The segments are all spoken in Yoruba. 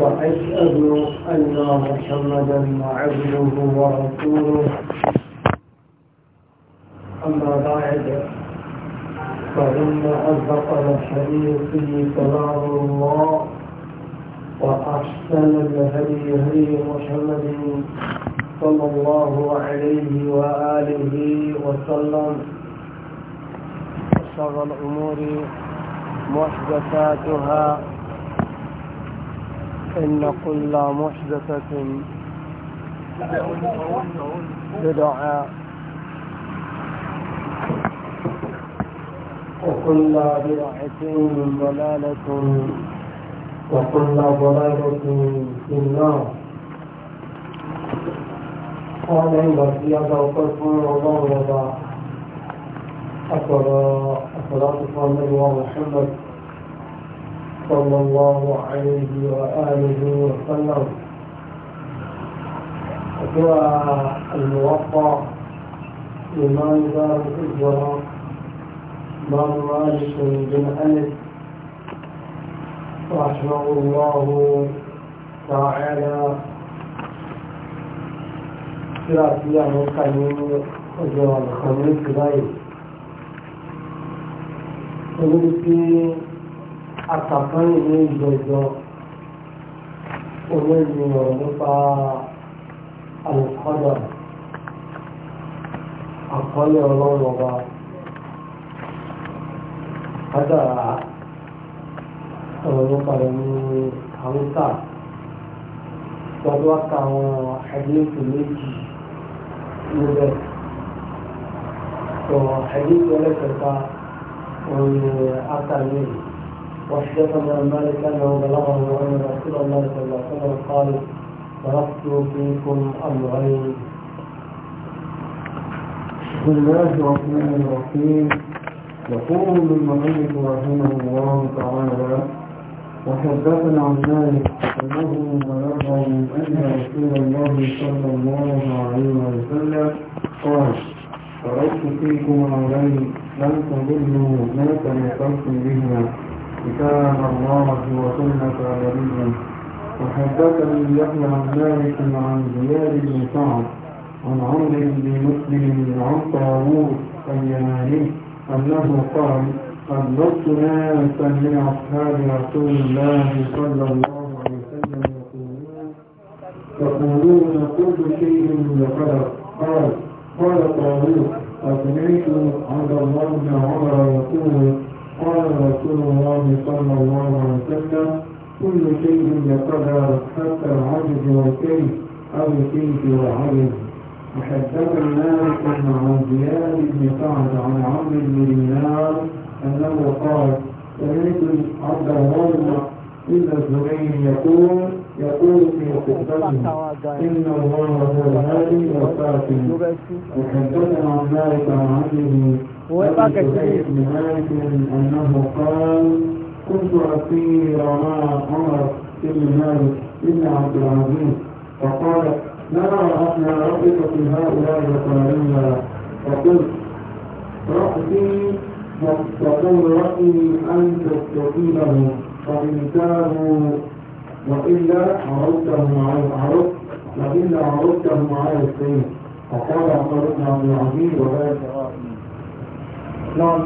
وأشهد أن محمدا عبده ورسوله أما بعد فإن أصدق الحديث كلام الله وأحسن الهدي هدي محمد صلى الله عليه وآله وسلم وشر الأمور محدثاتها إن كل محدثة بدعة وكل بدعة ضلالة وكل ضلالة في النار قال إن في هذا وقف الله أكبر أكبر أكبر محمد صلى الله عليه وآله وسلم وهو الموقع إمام دار الهجرة إمام مالك بن أنس رحمه الله تعالى ثلاثية من قانون الخميس غير àtàkùn ìlú ìjọjọ olóògbé nípa àlùkọ́dà àkọọ́lẹ̀ ọlọ́run ọba kádàrá ọ̀rọ̀ nípa rẹ̀ ní àwùká gbọ́dọ̀ ká àwọn àdéhùn méjì níbẹ̀ sọ àdéhùn ẹlẹ́kẹta òun ni àtàlẹ́yìn. وحدثنا مالك انه بلغه ان رسول الله صلى الله عليه وسلم قال تركت فيكم امرين بسم الله الرحمن الرحيم يقول المؤلف رحمه الله تعالى وحدثنا عن مالك انه بلغه ان رسول الله صلى الله عليه وسلم قال تركت فيكم امرين لم تضلوا ما تمسكتم بهما كتاب الله وسنة نبيه وحدثني يحيى عن مالك عن زياد بن سعد عن عمر بن مسلم عن طاووس اليماني أنه قال لست ناسا من أصحاب رسول الله صلى الله عليه وسلم يقولون يقولون كل شيء لقدر قال قال طاووس أسمعت عبد الله بن عمر يقول قال رسول الله صلى الله عليه وسلم كل شيء يقدر حتى العجز والكيف أو الكيف والعجز وحدثنا مالك عن زياد بن سعد عن عمرو بن دينار أنه قال سمعت عبد الله بن الزبير يقول يقول في خطبته إن الله هو الهادي والكافي وحدثنا عن ذلك عن عبده بن مالك أنه قال كنت أسير مع عمر بن مالك بن عبد العزيز فقال ما رأتنا ربك في هؤلاء القليلة فقلت رأسي وقول رأيي أن تستقيمه فإن كانوا وإلا عرضتهم على العرض وإلا عرضتهم على السيف فقال عمر بن عبد العزيز وذلك نعم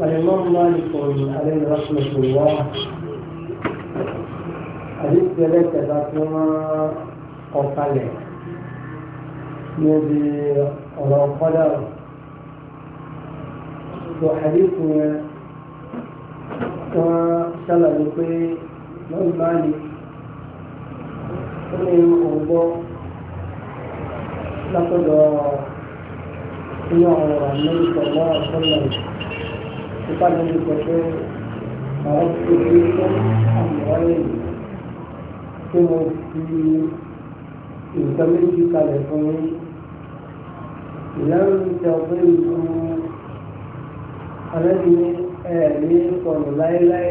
الإمام مالك عليه رحمة الله حديث ذلك ذاتهما قوقلة نبي الله قدر وحديث kan ṣàlàyé pé lọ́rùn bá lè ó ní ọ̀gbọ́ látọ̀dọ̀ inú àwọn ọ̀rọ̀ àmẹ́ríkà wà sọ́lẹ̀ nípa lórí sọ pé àwọn tó ti rí fún tí mo fi nǹkan méjì kalẹ̀ fún yín ìlànà ìjọba ìlú alẹ́ ni ẹ̀mí sọnù láéláé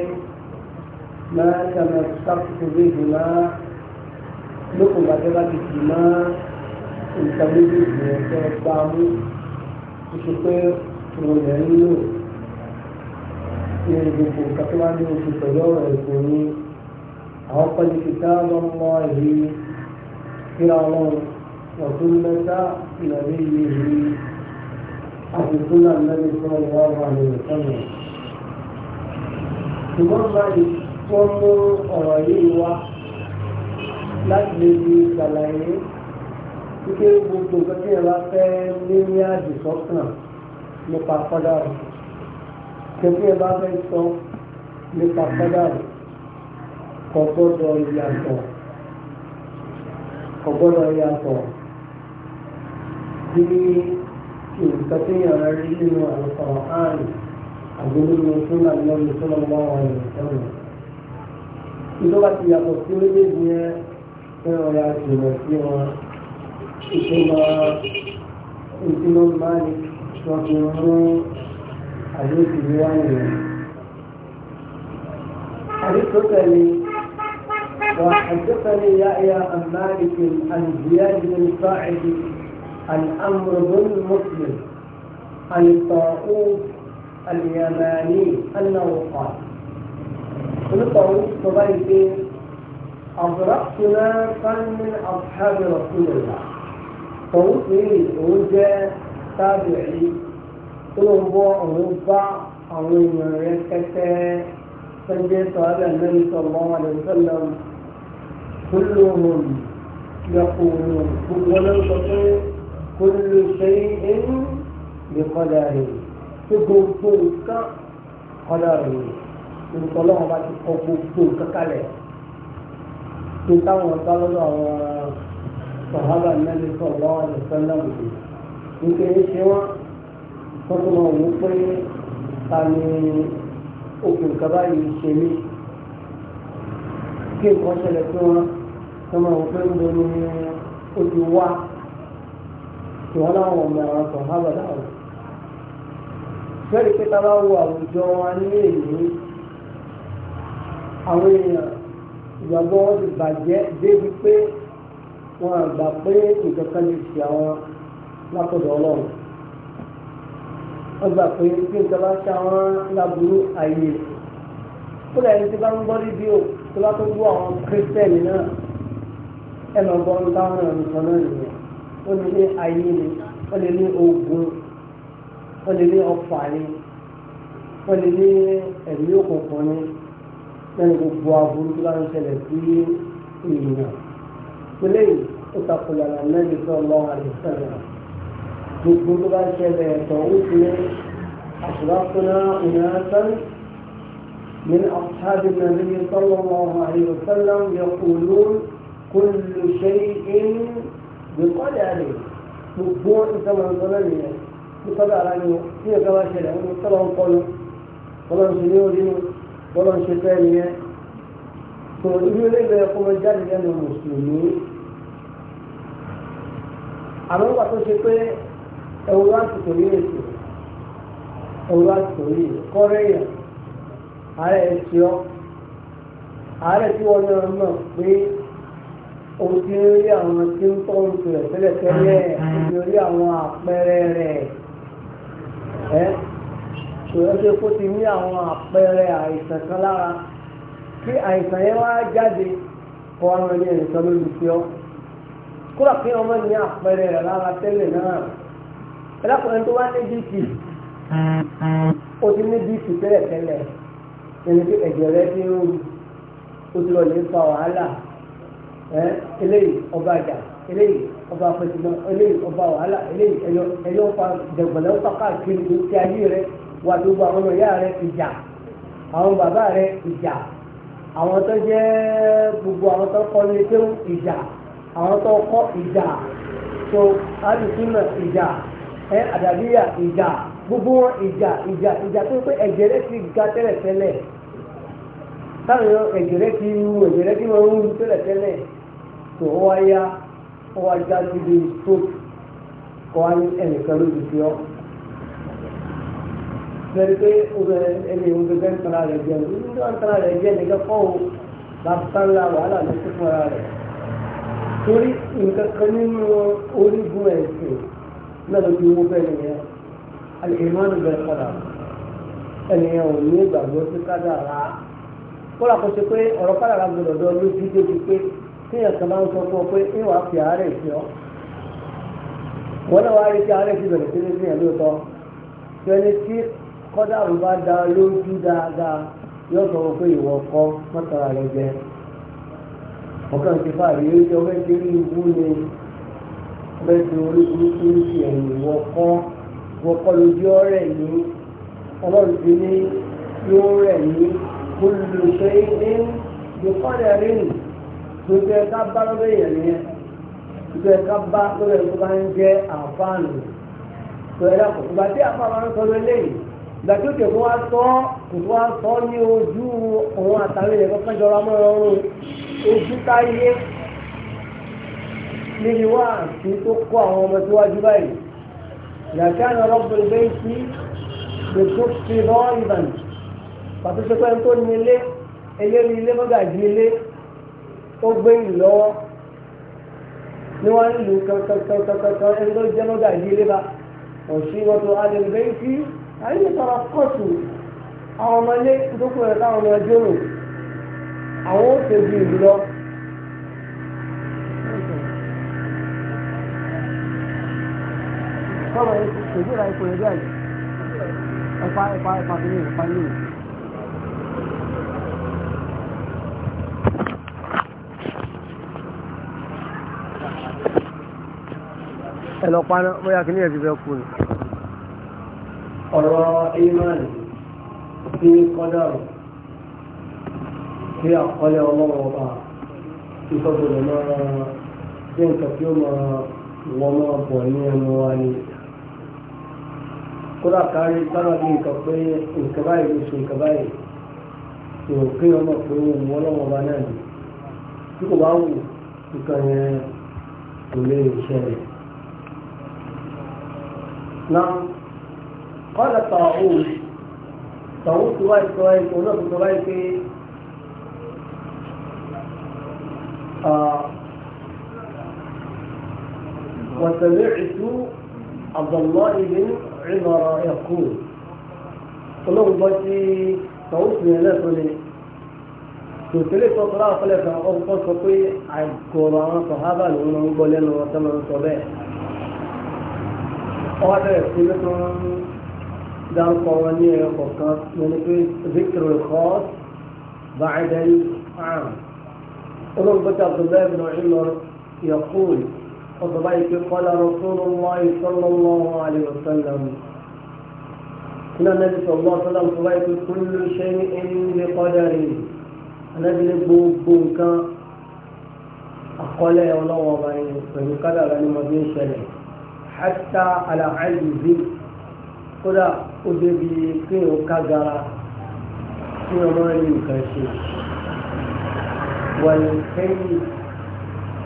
máa tẹ̀mẹ̀ sáfùkù bí ìgbìmọ̀ lókun bàtẹ́ bá ti jì mọ́ nǹkan méjì ìgbìmọ̀ tẹ́ gbá mú oṣù pé òun lẹ̀ ń lò ní gbogbo nǹkan tó bá ní oṣù pẹ̀lú ọ̀rọ̀ ẹ̀kọ́ ní àwọn pẹ̀lú kìtà lọ́mọ èyí kíra ọlọ́run ọ̀tún mẹ́ta ìmọ̀ báyìí wọ́n mú ọ̀rọ̀ yìí wá láti lè fi ṣàlàyé wípé gbogbo nǹkan tí ẹ bá fẹ́ lé ní àdìsọ́kàn nípa kọ́dà rẹ̀ kẹ́kẹ́ ẹ bá fẹ́ sọ nípa kọ́dà rẹ̀ kò gbọ́dọ̀ yàtọ̀ kò gbọ́dọ̀ yàtọ̀ bí nǹkan tí yàrá rí nínú àlùkò ààrùn. الجنود يوصلون على النبي صلى الله عليه وسلم إذا كانت يقصون بإذنية كانوا يعيشون مسيرا عن مالك عن زياد بن صاعد عن امر بن مسلم عن الطاغوت اليماني أنه قال ونطعوا صبيتين أضربت نارا من أصحاب رسول الله فوصي وجاء تابعي طلبوا أوبا أو مركة فجاء صلى النبي صلى الله عليه وسلم كلهم يقولون كل شيء بقدر pé gbogbo nǹkan ọ̀dà rèé olùkọ́ lọ́wọ́ bá ti kọ gbogbo nǹkan kalẹ̀ tó táwọn ọ̀gá lọ́dọ̀ àwọn sàhábà mẹ́rin sọ̀ lọ́wọ́ nìkan náà wò nígbà yẹn ṣe wọ́n tó tó máa wò ó pé ta ni òkè nǹkan báyìí ṣe mí kí nǹkan ṣẹlẹ̀ sí wọn tó máa wò pé ń bo ni ó ti wá ṣùgbọ́n láwọn ọmọ àwọn sàhábà dáhùn bẹ́ẹ̀ pé tábà wo àwùjọ wa ní èyí àwọn èèyàn ìgbàgbọ́ wọn ti bàjẹ́ débi pé wọn àgbà pé nǹkan kan lè ṣe àwọn látọ̀dọ̀ ọlọ́run wọ́n gbà pé bí nǹkan bá ṣe àwọn láburú ààyè ó lẹ́yìn tí bá ń gbọ́ rédíò tó bá tó gbọ́ àwọn kírísítẹ́nì náà ẹ̀ lọ́gbọ́n táwọn ọ̀nà nìkan nìyẹn ó ní ayé ni ó lè ní ogun wọ́n lè ní ọ̀fà ni wọ́n lè ní ẹ̀mí òkùnkùn ni lẹ́nu gbogbo aburú tó bá ń ṣẹlẹ̀ sí èèyàn pélé ó takùlà náà lẹ́yìn tó lọ́ àdìsẹ́lẹ̀ gbogbo tó bá ṣẹlẹ̀ ẹ̀tọ́ ó ti ní àṣùrákùnà ìrántán من أصحاب النبي صلى الله عليه وسلم يقولون كل شيء بقدره gbogbo ìtàwọn ìtọ́lẹ́yìn nítorí ara ni ní ẹ̀ka bá ṣẹlẹ̀ wọn tọ́lọ́ ń kọlu bọ́lá ń ṣe ní orí nu bọ́lá ń ṣe fẹ́ nìyẹn tó ibi olóògbé ẹ̀kọ́ mọ jáde lẹ́nu mùsùlùmí àmọ́ wà tó ṣe pé ẹ̀wùrọ̀ àsìkò yìí ètò ẹ̀wùrọ̀ àsìkò yìí ẹ́ ṣòro ṣe ti ní àwọn àpẹẹrẹ àìsàn lára kí àìsàn yẹn wá jáde kọ́ àwọn ẹni ẹ̀sán lólùfẹ́ ọ́ kúrò ọmọ ní àpẹẹrẹ rẹ̀ lára tẹ́lẹ̀ náà ẹlẹ́kùnrin tó ní bp ó ti ní tí eléyìí ọba afẹsùnà eléyìí ọba wàhálà eléyìí ẹyọ ẹyọ fa dẹgbẹlẹ ọfà káàkiri gbèsè ayé rẹ wà tó gba àwọn ọyá rẹ ìjà àwọn bàbá rẹ ìjà àwọn tó jẹ gbogbo àwọn tó kọ ní tó ìjà àwọn tó kọ ìjà tó alùsùnà ìjà ẹ àdàbíyà ìjà gbogbo wọn ìjà ìjà ìjà tó pé ẹ̀jẹ̀ rẹ ti ga tẹ́lẹ̀ tẹ́lẹ̀ táwọn ẹ̀jẹ̀ rẹ ti wù ẹ̀jẹ̀ rẹ ti wọn wù tẹ́lẹ̀ tẹ́lẹ̀ tó wáyá ó wá já síbi stroke kọ́ wá ní ẹnìkan lójú sí ọ́ bẹ́ẹ̀ pé ẹni ìwọ̀n gẹ́gẹ́ ń tara rẹ̀ jẹ́ ní ìjọ ń tara rẹ̀ jẹ́ nìkan kọ́ ò bàbá ńlá wàhálà ló kún fúnra rẹ̀ torí nǹkan kan nínú orígun ẹ̀sìn náà ló fi wó bẹ́ẹ̀ nìyẹn alìmọ́nù bẹ̀rẹ̀ padà ẹnìyẹn ò ní ìgbàgbọ́ sí kádàrá kó làkóso pé ọ̀rọ̀ kádàrá gbọdọ̀ dọ́ lójú débi pé kéèyàn kan bá ń sọ fún ọ pé ìwà fi àárẹ̀ sí ọ wọ́n náà wáá rí kí àárẹ̀ ti bẹ̀rẹ̀ sí ní ìyẹn lóòótọ́ fẹ́ni tí kọ́dàrú bá da lójú dáadáa yóò sọ fún pé ìwọ kọ́ mọ́tara rẹ jẹ ọ̀kan ti fà rí oúnjẹ ọbẹ̀ tí rí ibú ni ọbẹ̀ tí orí burúkú ń fi ẹ̀yìn ìwọ kọ́ ìwọ kọ́ lójú ọ̀rẹ́ ní ọlọ́run ti ní yóò rẹ̀ ní kó ṣe é ní ìkọ́lẹ̀ rìn gbogbo ẹ̀ka bá lọ́dọ̀ èèyàn nìyẹn gbogbo ẹ̀ka bá lọ́dọ̀ ẹ̀ka bá ń jẹ́ àǹfààní tó ẹ̀dá kò ìgbà tí àpá àwọn ọ̀rọ̀ sọ̀rọ̀ eléyìí ìgbà tí ó kè fún wa sọ kò fún wa sọ ní ojú òun àtàrí ẹ̀kọ́ kẹjọra mọ́ ọrùn ojú táyé níbi wá àti tó kó àwọn ọmọ síwájú báyìí ìyàtí àná rọ́bìnrin bẹ́ẹ̀ sí gbèsò fi lọ́ọ́ ìbànú pàtó ṣe pé ń tó ní ilé eléyìí ilé mọ́gàjì ilé ó gbé yìí lọ́wọ́ ní wọ́n ń lù kankankankankan ẹni tó jẹ́ lọ́gà yìí lé ba òṣì wọn tó adẹ̀gbẹ́ tí ayé sọ̀rọ̀ kọ́ọ̀tù àwọn ọmọlé ìdókòwò rẹ̀ káwọn ọmọ ẹjọ́ rò àwọn ó ṣe ju ìlú lọ. Sọ̀rọ̀ ìṣèjúra ipò ẹgbẹ́ àjẹ́ ẹ̀fà ẹ̀fà ẹ̀fà tó ní ìfà ní ìlú. ẹ̀lọ́ paná bóyá kí ní ẹ̀sì fẹ́ kú ni. ọ̀rọ̀ imani sí kọ́dọ̀rù sí àkọlẹ̀ ọlọ́wọ́ ọba ìfọ̀gbọ̀dọ̀ máa sí nǹkan tí ó máa wọ́n máa bọ̀ ní ẹnu wa ni. kódà kárí sára bí nǹkan pé nǹkan báyìí ló ṣe nǹkan báyìí kò kí ọmọ pé òun ọlọ́wọ́ ọba náà ni tí kò bá wù nǹkan yẹn kò lè ṣẹlẹ̀. نعم قال طاعون طاعون سواي سواي ونقل سواء في وسمعت عبد الله بن عمر يقول الله باتي طاعون من الناس tòtélé tọ́tọ́lá ọ̀pẹ́lẹ̀ kan ọkọ̀ sọ pé àìkọ̀rọ̀ àwọn sọ̀hábà lòun ń gbọ́ ọwọ́ bẹ̀rẹ̀ sí ló tó ń dárúkọ wọn ní ẹ̀rọ kọ̀ọ̀kan lórí pé victor kọ́ bàdé àm olóńgbòtà abdullahi bin ọ̀hìnmọ̀ yaqul ọ̀dọ̀ báyìí pé kọ́lá rasulullah sallallahu alayhi wa sallam kúlẹ̀ nàbí sallallahu alayhi wa sallam tó báyìí pé kullu ọlọ́wọ́ báyìí pẹ̀lú kádàrá ni mo fi ń ṣẹlẹ̀ hátà àlàáyìí kódà ó débi pé ó kágara tí wọ́n máa ń rí nǹkan ṣe wà ní kẹ́yìn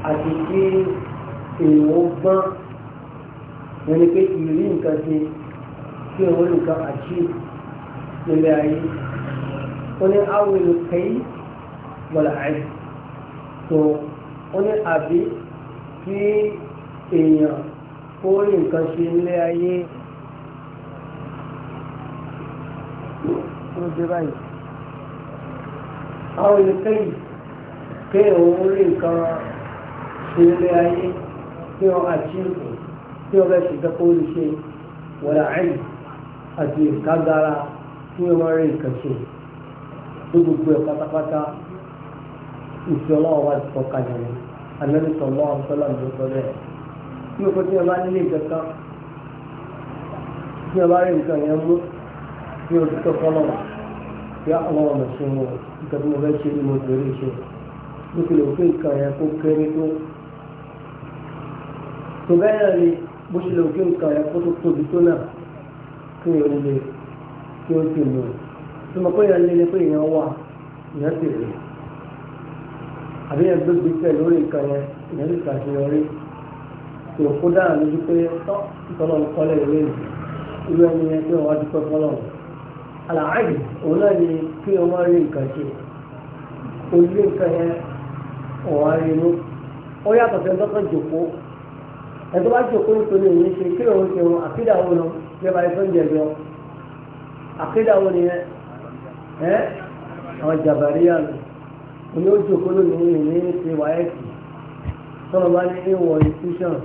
àti pé èèyàn gbọ́n wọ́n ní pé ìrírí nǹkan ṣe tí wọ́n rí nǹkan àjí nílé ayé ó ní àwọn èèyàn kẹ́yìn wọ́n làáyé tó ó ní àbí kí èèyàn kó rí nǹkan ṣe nílé ayé ló dé báyìí àwọn olùkẹ́yì pé òun rí nǹkan ṣe nílé ayé tí wọ́n àti tí wọ́n bẹ́ẹ̀ ṣe fẹ́ kó rí ṣe wọ̀lá àyè àti ìkágára tí wọ́n máa rí nǹkan ṣe ní gbogbo ẹ̀ pátápátá ìfẹ́ ọlọ́wọ́ wa ti kọ́ kalẹ̀ ní alẹ́ nìkan lọ́wọ́ sọ́lá ń lọ tí oko tí wọn bá nílé ìjọkan tí wọn bá rí nǹkan yẹn mú tí o tó fọlọ yá àwọn ọmọ ṣe wọn nǹkan tí mo fẹ́ ṣe ni mo tẹ̀lé ṣe nípìnlẹ̀ òfin nǹkan yẹn kó kéré tó tó bẹ́ẹ̀ náà ni bó ṣe lè òfin nǹkan yẹn kó tó tóbi tó náà kí o lè kí o ti lò tó mọ̀ pé èèyàn lé ní pé èèyàn wà èèyàn tẹ̀lé àbí èèyàn gbégbé pẹ̀ lórí nǹkan yẹn èèyàn lè ṣàṣeyọrí tí òkú dáhà lójú pé tọ́ ìtọ́lọ́ ń kọ́lé ìwé mi irú ẹni yẹn pé wọ́n dúpẹ́ fọ́lọ́ àlàáyé òun náà ni kí wọ́n máa rí nǹkan ṣe ojú nǹkan yẹn ọ̀wá rí inú ó yàtọ̀ sí ẹjọ́ kan jòkó ẹjọ́ bá jòkó nítorí òun ṣe kí òun ṣe òun àkídà òun lọ bí ẹ bá yẹ ń jẹ lọ àkídà ẹ àwọn jàbàríyà lọ òun yóò jòkó lónìí ní ìwà ẹ̀sìn tọ́lọ́ bá ní ìwọ̀ ìfúṣàn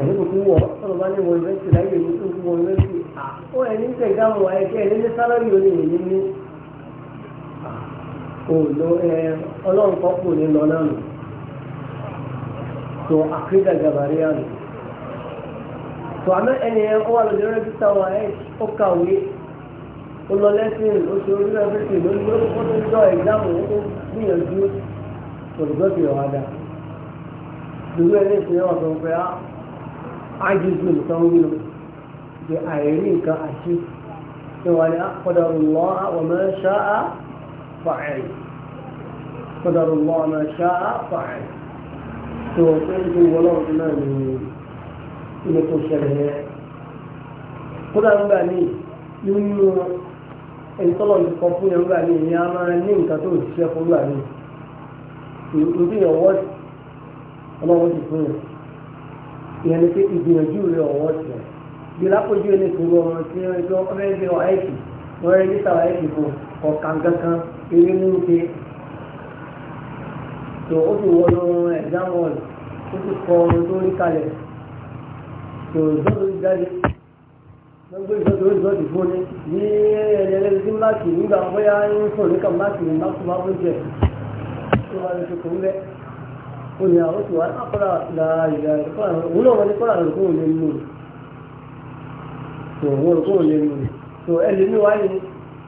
ẹ̀yìn kò wọ̀ ọ̀rọ̀ bá ní wọ ìrẹsì láyé èmi tó ń wọ ìrẹsì ó ẹni tẹ̀ dáhùn wa ẹ̀kẹ́ ẹni ní sálọ́rì ó ní èyí ní ẹ ọlọ́run kan kò ní lọ nù tó àkídà gàbàrí àná tó àmọ́ ẹni ẹ ó wà lóde rẹ́gísítà wa ẹ ó kàwé ó lọ lẹ́sìn oṣù orí ẹ̀fẹ́sì ló ló tó lọ ẹ̀gbáàmù ó gbìyànjú olùgbọ́sì ọ̀hádà dùgbò ẹni ìpínlẹ̀ ọ̀sán pé á ah, ágìlì nǹkan wúlò bí àìrí nǹkan àṣì tí wọ́n ní kọ́dọ̀rùnlọ́ àwọn ṣáà fàáyì kọ́dọ̀rùnlọ́ àwọn ṣáà fàáyì tó pé ní wọ́lọ́wọ́ náà ní ilé tó ṣẹlẹ̀ yẹn kódà ń gbà ní nínú ìtọ́lọ̀ ìkọ̀ fún yẹn ń gbà ní ìyá máa ní nǹkan tó ṣiṣẹ́ fún gbà ní ìdíyẹ̀wọ́ ọlọ́wọ́ ti fún yẹn ìyẹn ni pé ìgbìyànjú rẹ ọ̀wọ́ ti ọ̀ bí lápòjú ẹni kúrò ọmọ tí ẹjọ́ ọ̀rẹ́ ẹgbẹ́ ọ̀ẹ́kì wọ́n rẹ́ níta ọ̀ẹ́kì kò ọ̀kan kankan eré ní ń ṣe tó ó sì wọ́n lọ exam hall ó sì kọ ohun tó rí kalẹ̀ tó ìjọ́dọ̀ jáde wọ́n gbé ìjọ́dọ̀ ìjọ́dọ̀ fún ni ní ẹ̀yẹ lẹ́nu sí máàkì nígbà wọ́n yá ń sọ̀rọ̀ ó ní àwọn oṣù wa kọ́ra láàyè láàyè kọ́ra òun náà wọlé kọ́ra rẹ̀ kóun lè mú tó òun rẹ̀ kóun lè mú tó ẹni ní wáyé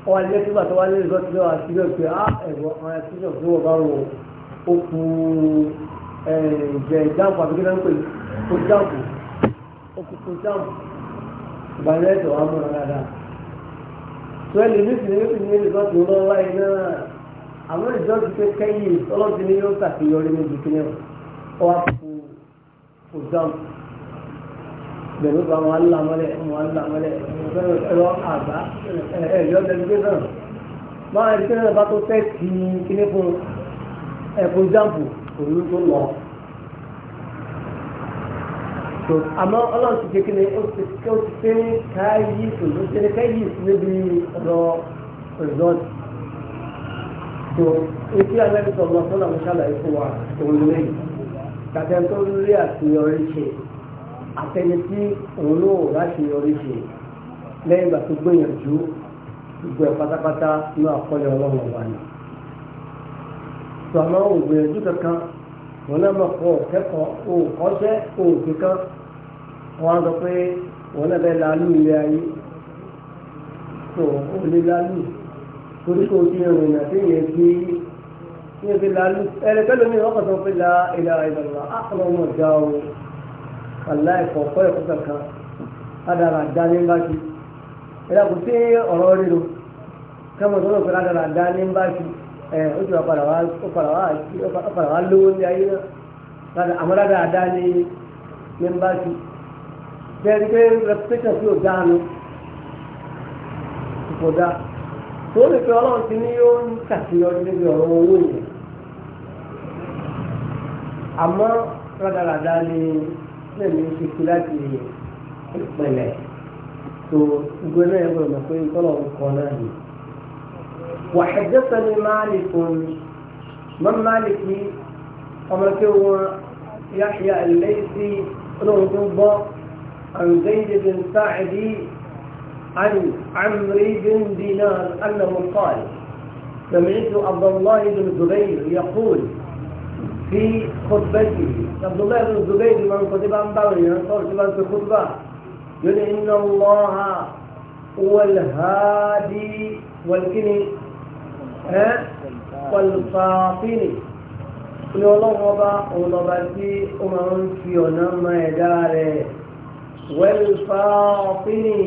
ọwọ́ ilé tó bàtọ́ wáyé lọ́wọ́ ti lọ́wọ́ àti lọ́wọ́ pé á ẹ̀wọ̀ àwọn ẹ̀sìnjọ́ tó wọ́n bá wọ̀ ó kú ẹ̀jẹ̀ ìjáàpù àbíké náà ń pè ó jáàpù ó kú kú jáàpù ìgbàlẹ́ ẹ̀tọ́ wa mọ̀ dáadáa tó ẹni ní ìsìn àwọn ìjọ́jú pé kẹ́yìn ọlọ́dún ní yóò ṣàfihàn níbi kí náà ọ wá fún fún dán pẹ̀lú bá wọn lámọ́lẹ̀ wọn lámọ́lẹ̀ ẹ̀rọ àgbá ẹ̀yọ́ tẹlifíṣàn máa ń tẹ́lẹ̀ bá tó fẹ́ kí kíní fún ẹ̀fún jáǹpù òun tó lọ. àmọ́ ọlọ́run ti ṣe kí ni ó ti ṣe káyé ìṣòro ṣe ni káyé ìṣòro bí ọ̀rọ̀ rìsọ́ọ̀tì tó etí alẹ́bíṣọ ọmọ tó náà ṣàlàyé fún wa òun lẹ́yìn tàbí tó rí àṣeyọrí ṣe àtẹni tí òun náà láṣeyọrí ṣe lẹ́yìn ìgbà tó gbìyànjú gbogbo ẹ̀ pátápátá ní àkọlé ọlọ́run ọ̀wà ni. tọ́mọ ògbìyànjú kankan wọn náà mọ̀ kọ́ kẹ́kọ̀ọ́ òkọ́ṣẹ́ òkè kan wọn á sọ pé wọn náà bẹ́ẹ̀ lálù ilé ayé tó òun lè lálù torí kò tí ẹ rìn àti yẹn fi ní ẹgbẹ́ lálú ẹlẹ́gbẹ́ lómi ọkọ̀ tó fi la ilẹ̀ ìdàgbà àkànná ọmọ ìjà o kàlá ẹ̀kọ́ ọ̀kọ́ ẹ̀kọ́ kankan adàrà dá ní báṣi ẹ̀dá kò sí ọ̀rọ̀ ríro kẹ́mọ̀ tó lọ pẹ̀lú adàrà dá ní báṣi ẹ̀ ó ti wà padà wá lówó ní ayé náà àmọ́ dáadáa dá ní ní báṣi pé reputation fi ò dáa nù kò dáa tó lè fi ọlọ́run ti ní yóò ń ṣàṣeyọrí níbi ọ̀rọ̀ owó yẹn àmọ́ rádaràda ni lẹ́nu ṣe kí láti ìpìlẹ̀ tó gbogbo náà yẹ gbọdọ̀ pé ìtọ́lọ́run kan náà ni. وحدثني مالك من مالك أما هو يحيى الليثي رغضب عن زيد بن سعدي عن عمرو بن دينار أنه قال سمعت عبد الله بن الزبير يقول في خطبته عبد الله بن الزبير من خطب عن باوي صار في خطبة يقول إن الله هو الهادي والكني ها والفاطني ni ọlọ́wọ́ bá ọlọ́ba tí ó máa ń fi ọ̀nà máa ẹ̀dá rẹ̀ wẹ́lfà ọ̀pínì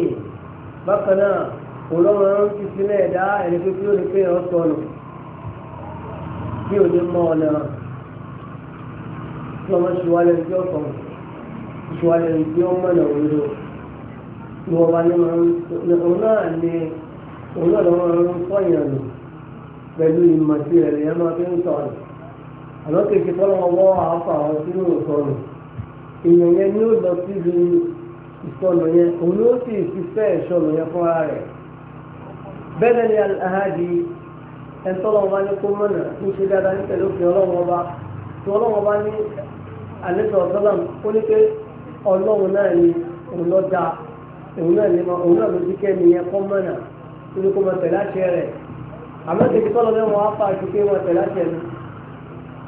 bákan náà olóòrùn ọ̀rọ̀ ti sílẹ̀ ẹ̀dá ẹni pé kí ó lè pé ọ̀ sọnù kí ò ní mọ ọ̀nà tí ọmọ ṣùwálẹ̀ tí ó sọnù ṣùwálẹ̀ tí ó mọ̀nà òdodo ni wọ́n bá ní òun náà ní òun náà lọ́wọ́ ọ̀rọ̀ fọ́yàn nù pẹ̀lú ìmọ̀ tí ẹ̀rẹ̀ yẹn máa fi ń sọnù àlọ́ kejì fọ́lọ́wọ́ wọ́ àáfà ọ̀ sínú ìsọnù yẹn ni ó lọ síbi sọnù yẹn òun ló sì fi fẹ́ sọnù yẹn fúnra rẹ̀ bẹ́ẹ̀ ni alahadi ẹ̀ńtọ́lọ́wọ́ bá ní kó mọ̀nà ń ṣe dáadáa ní pẹ̀lú òfin ọlọ́wọ́ bá tí ọlọ́wọ́ bá ní àlejò ọ̀sọ́lá ó ní pé ọlọ́run náà ni òun lọ da òun náà ni òun náà ló dikẹ́ nìyẹn kó mọ̀nà níbi kó mọ̀ tẹ̀lé àṣẹ rẹ̀ àmọ́ tètè tọ́lọ́ bẹ́ẹ̀ wọ́n á fà ju pé wọ́n tẹ̀lé àṣẹ mi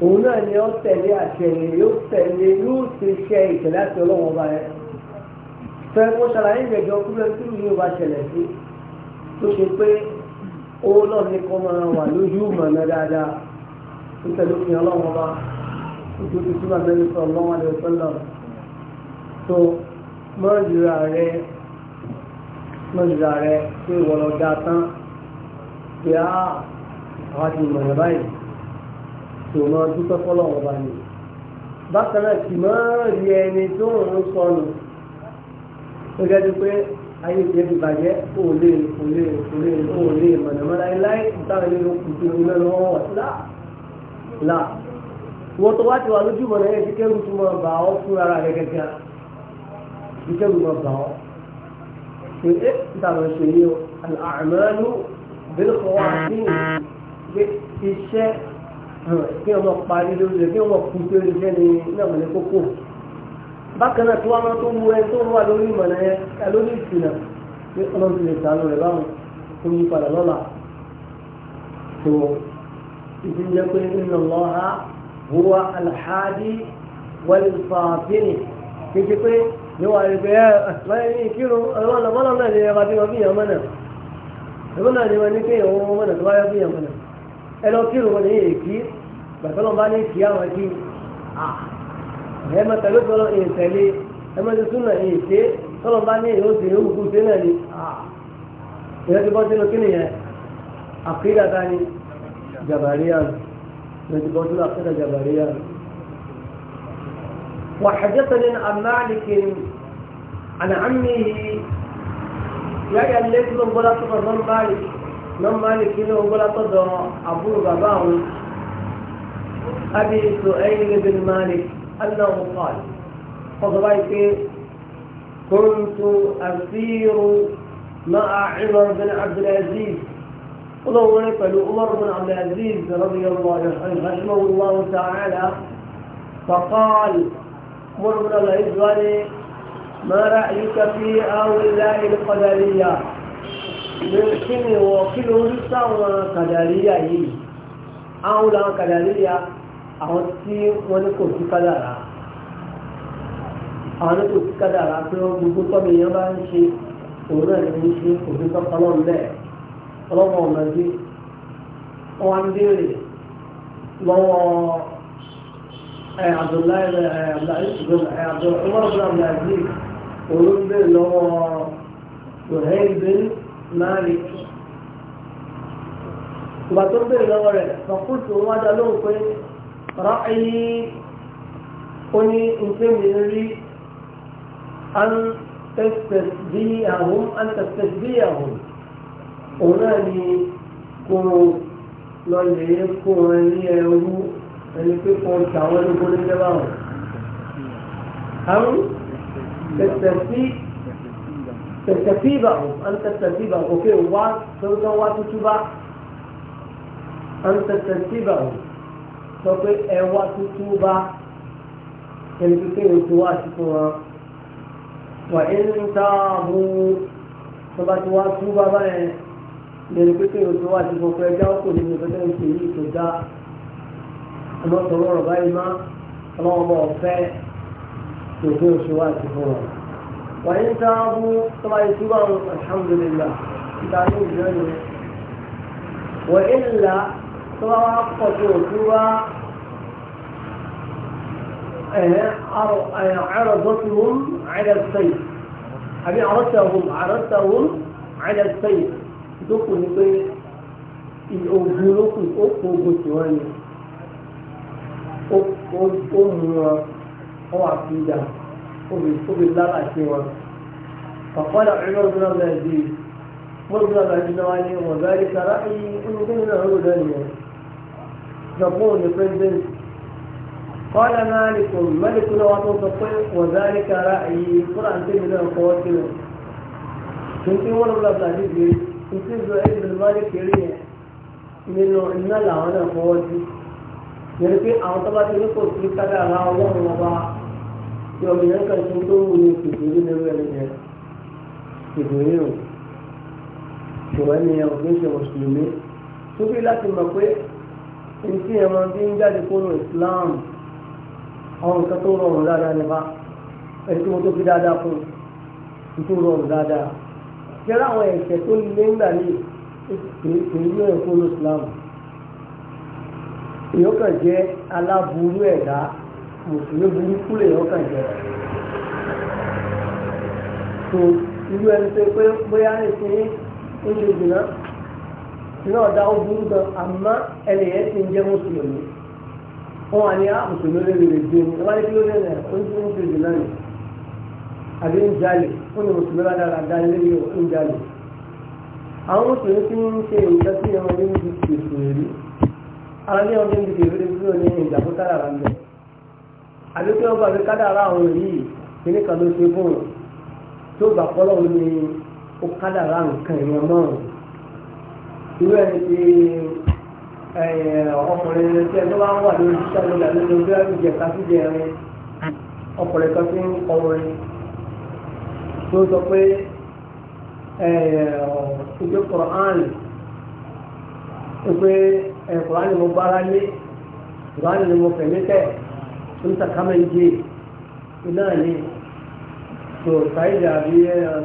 òun náà ni ó tẹ̀lé àṣẹ mi yóò tẹ̀lé yóò ti ṣe fẹ́ mo ṣàlàyé ìgbẹ̀jọ kúrẹ́ kúrú yóò bá ṣẹlẹ̀ sí tó ṣe pé owó náà ní kọ́ máa wà lójú mọ̀nà dáadáa tó tẹ̀lé òfin ọlọ́run ọba ojú ti túbọ̀ mẹ́rin sọ ọlọ́run àlẹ́ òfin náà tó mọ́júra rẹ mọ́júra rẹ pé ìwọ lọ dáa tán pé á àwọn àti ìmọ̀nà báyìí tó máa dúpẹ́ fọ́lọ́run ọba ni bákan náà kì máa rí ẹni tó ń sọnù ó gẹ́gẹ́ pé ayé ìjẹ́ ti bàjẹ́ ó lè ó lè ó lè ó lè mọ̀nàmọ́ná láì ìtàn ilé ló kù sí onílẹ̀ lọ́wọ́ wọ̀ sí là wọ́n tó wá ti wà lójú mọ̀nà yẹn ti kẹ́rù tó máa bà ọ́ fún ara rẹ̀ gẹ́gẹ́ ti kẹ́rù máa bà ọ́ pé é ìtàwọn ṣe yí o àmọ́lú bẹ́ẹ̀ kọ́ wá sí iṣẹ́ kí wọ́n parí lórí rẹ̀ kí wọ́n kú sí orí iṣẹ́ ní ìlànà kókó bákan náà tó wá máa tó wu ẹ tó wà lórí ìmọ̀nà ẹ ẹ lórí ìsìnà pé ọlọ́run ti lè sàánú rẹ̀ báwọn tó yí padà lọ́la tó ìdí jẹ́ pé inna Allaha huwa al-hadi wal-fatini kéde pé níwà rẹ̀ pé ẹ àtúbáyé ní ìkírun ọlọ́run ọlọ́run náà lè yẹ bá bí wọn bí yàn mọ́nà ẹgbẹ́ náà ni wọn ní kéèyàn wọn mọ́nà tó bá yẹ bí yàn mọ́nà ẹ lọ kírun wọn ní èkí bàtọ́lọ́ ẹ máa tẹ̀lé tọ́lọ́ èyí tẹ̀lé ẹ máa ti súnà èyí ṣe tọ́lọ́ bá ní èyí ó sì ń kú sí náà ni ìyẹn ti bọ́ sínú kí nìyẹn àkídà ta ni jàbàríyà ìyẹn ti bọ́ sínú àkídà jàbàríyà. وحدثني عن مالك عن عمه yáyà lẹ́tí ló ń bọ́lá tó kàn nọ́mbà yìí nọ́mbà yìí kí ló ń bọ́lá tó dọ̀ àbúrò abi sọ ẹyin lè bẹ أنه قال فضليك كنت أسير مع عمر بن عبد العزيز ودورت عمر بن عبد العزيز رضي الله عنه رحمه الله تعالى فقال عمر بن عبد العزيز ما رأيك في هؤلاء القدرية من سن وكله رسا قدرية هؤلاء قدرية àwọn tí wọ́n ní kò sí kádàrá àwọn ní kò sí kádàrá pé wọ́n gbogbo tọ́mi èèyàn bá ń ṣe òun náà ní ṣe òfin tọ́ka lọ́run bẹ́ẹ̀ ọlọ́wọ́ ọ̀nà dé wọ́n á ń béèrè lọ́wọ́ Abdullahi Umar bin Abdulaziz òun ń béèrè lọ́wọ́ Suhail bin Malik ìgbà tó ń béèrè lọ́wọ́ rẹ̀ sọ̀kúrò tó رأيي أني أنتم لي أن تستشبيههم أن تستشبيههم أولاني كونوا لولي كونوا لي يوم أن يكون شاور كل جبار أم تستشبي تستشبيههم أن تستشبيههم أوكي وات سوى وات تشبه أن تستشبيههم sọ pé ẹwà tuntun bá ẹni tó kéwòn tó wá àsìkò wọn wà ń ta ààbò tó bá ti wá tún bá báyẹn lẹ́nu pé kéwòn tó wá àsìkò pé ẹja ó kò ní ní ìfẹ́ yìí tó dá ọmọ sọ̀rọ̀ ọ̀rọ̀ báyìí má ọlọ́wọ́ bọ̀ ọ̀fẹ́ tó kéwòn tó wá àsìkò wọn. wà ń ta ààbò tó bá yẹ tún bá wọn alhamdulillah ìta ní yẹn wà ń là tó bá wá pọ̀ tó òkú wá عرضتهم على السيف أبي عرضتهم عرضتهم على السيف dókò ní pé ogun olókùn ó kó ogun tí wọ́n ní ó mú wọn ó wà fi dà ó fi lára sí wọn. فقال عمر بن عبد العزيز عمر بن عبد العزيز وقال ذلك رأيي أنه كان له ذلك تكون لبريزنت قال مالك مالك لو أتوقف وذلك رأيي قرآن تجد قوتنا كنت أول ولا تعجبني كنت زعيم بن مالك يريه nínú iná làwọn náà fọwọ́ sí yẹn pé àwọn tó bá ti ní kò sí kára ara ọlọ́run ọba tí ọmọ yẹn kan tó tó wù ní kìdìrí nínú ẹni yẹn kìdìrí o ṣùgbọ́n ẹni yẹn ò kí ń ṣe mùsùlùmí tóbi láti mọ̀ pé ntí ẹ̀ máa fi ń jáde kó nu Islam àwọn nǹkan tó rọrùn dáadáa nípa ẹni tí mo tó fi dáadáa fún un tó rọrùn dáadáa jẹ́rọ àwọn ẹ̀ṣẹ̀ tó lé ńgbà ní èyí ló yẹ kó nu Islam èyí kàn jẹ́ aláburú ẹ̀dá mùsùlùmí burúkú lè yọ jẹ́ tó irú ẹni pé bóyá ẹ̀sìn ń ṣe jìnnà náà dá ó burú gan àmọ́ ẹni yẹn ti ń jẹ́ mùsùlùmí wọn wà ní àmùsùlùmí ah, olórí rẹ̀ gbé ní wọn ní kí ló dé náà ó ń tún ṣe jù náà ni àbí ń jalè fún ní mùsùlùmí ládàra dá ilé yìí ń jalè àwọn mùsùlùmí ti ń ṣe nǹkan tí wọn ní ti tètè rí ara ní ọdún ti tètè rí wọn ní ìjà fún kádàrà ń bẹ àbí kí wọn gbà pé kádàrà àwọn yìí kíní kan ló ṣe fún wọn tó gbà pọ́lọ́ ní ó kádàrà nǹkan ìyẹn mọ́rùn-ún irú ẹni tí eh, ọkùnrin tí ẹni tó bá ń wà lórí ṣíṣá lórí àlejò bí wọ́n ti jẹ kásìjẹ rin ọkùnrin kan ti ń kọ orin tó sọ pé ìjọ eh, kọ̀ọ̀án pé kọ̀ọ̀án eh, ni mo gbára lé kọ̀ọ̀án ni mo fẹ̀mí tẹ̀ tó ń sàkámẹ́ ń jẹ iná ni tó ṣáìdì àbí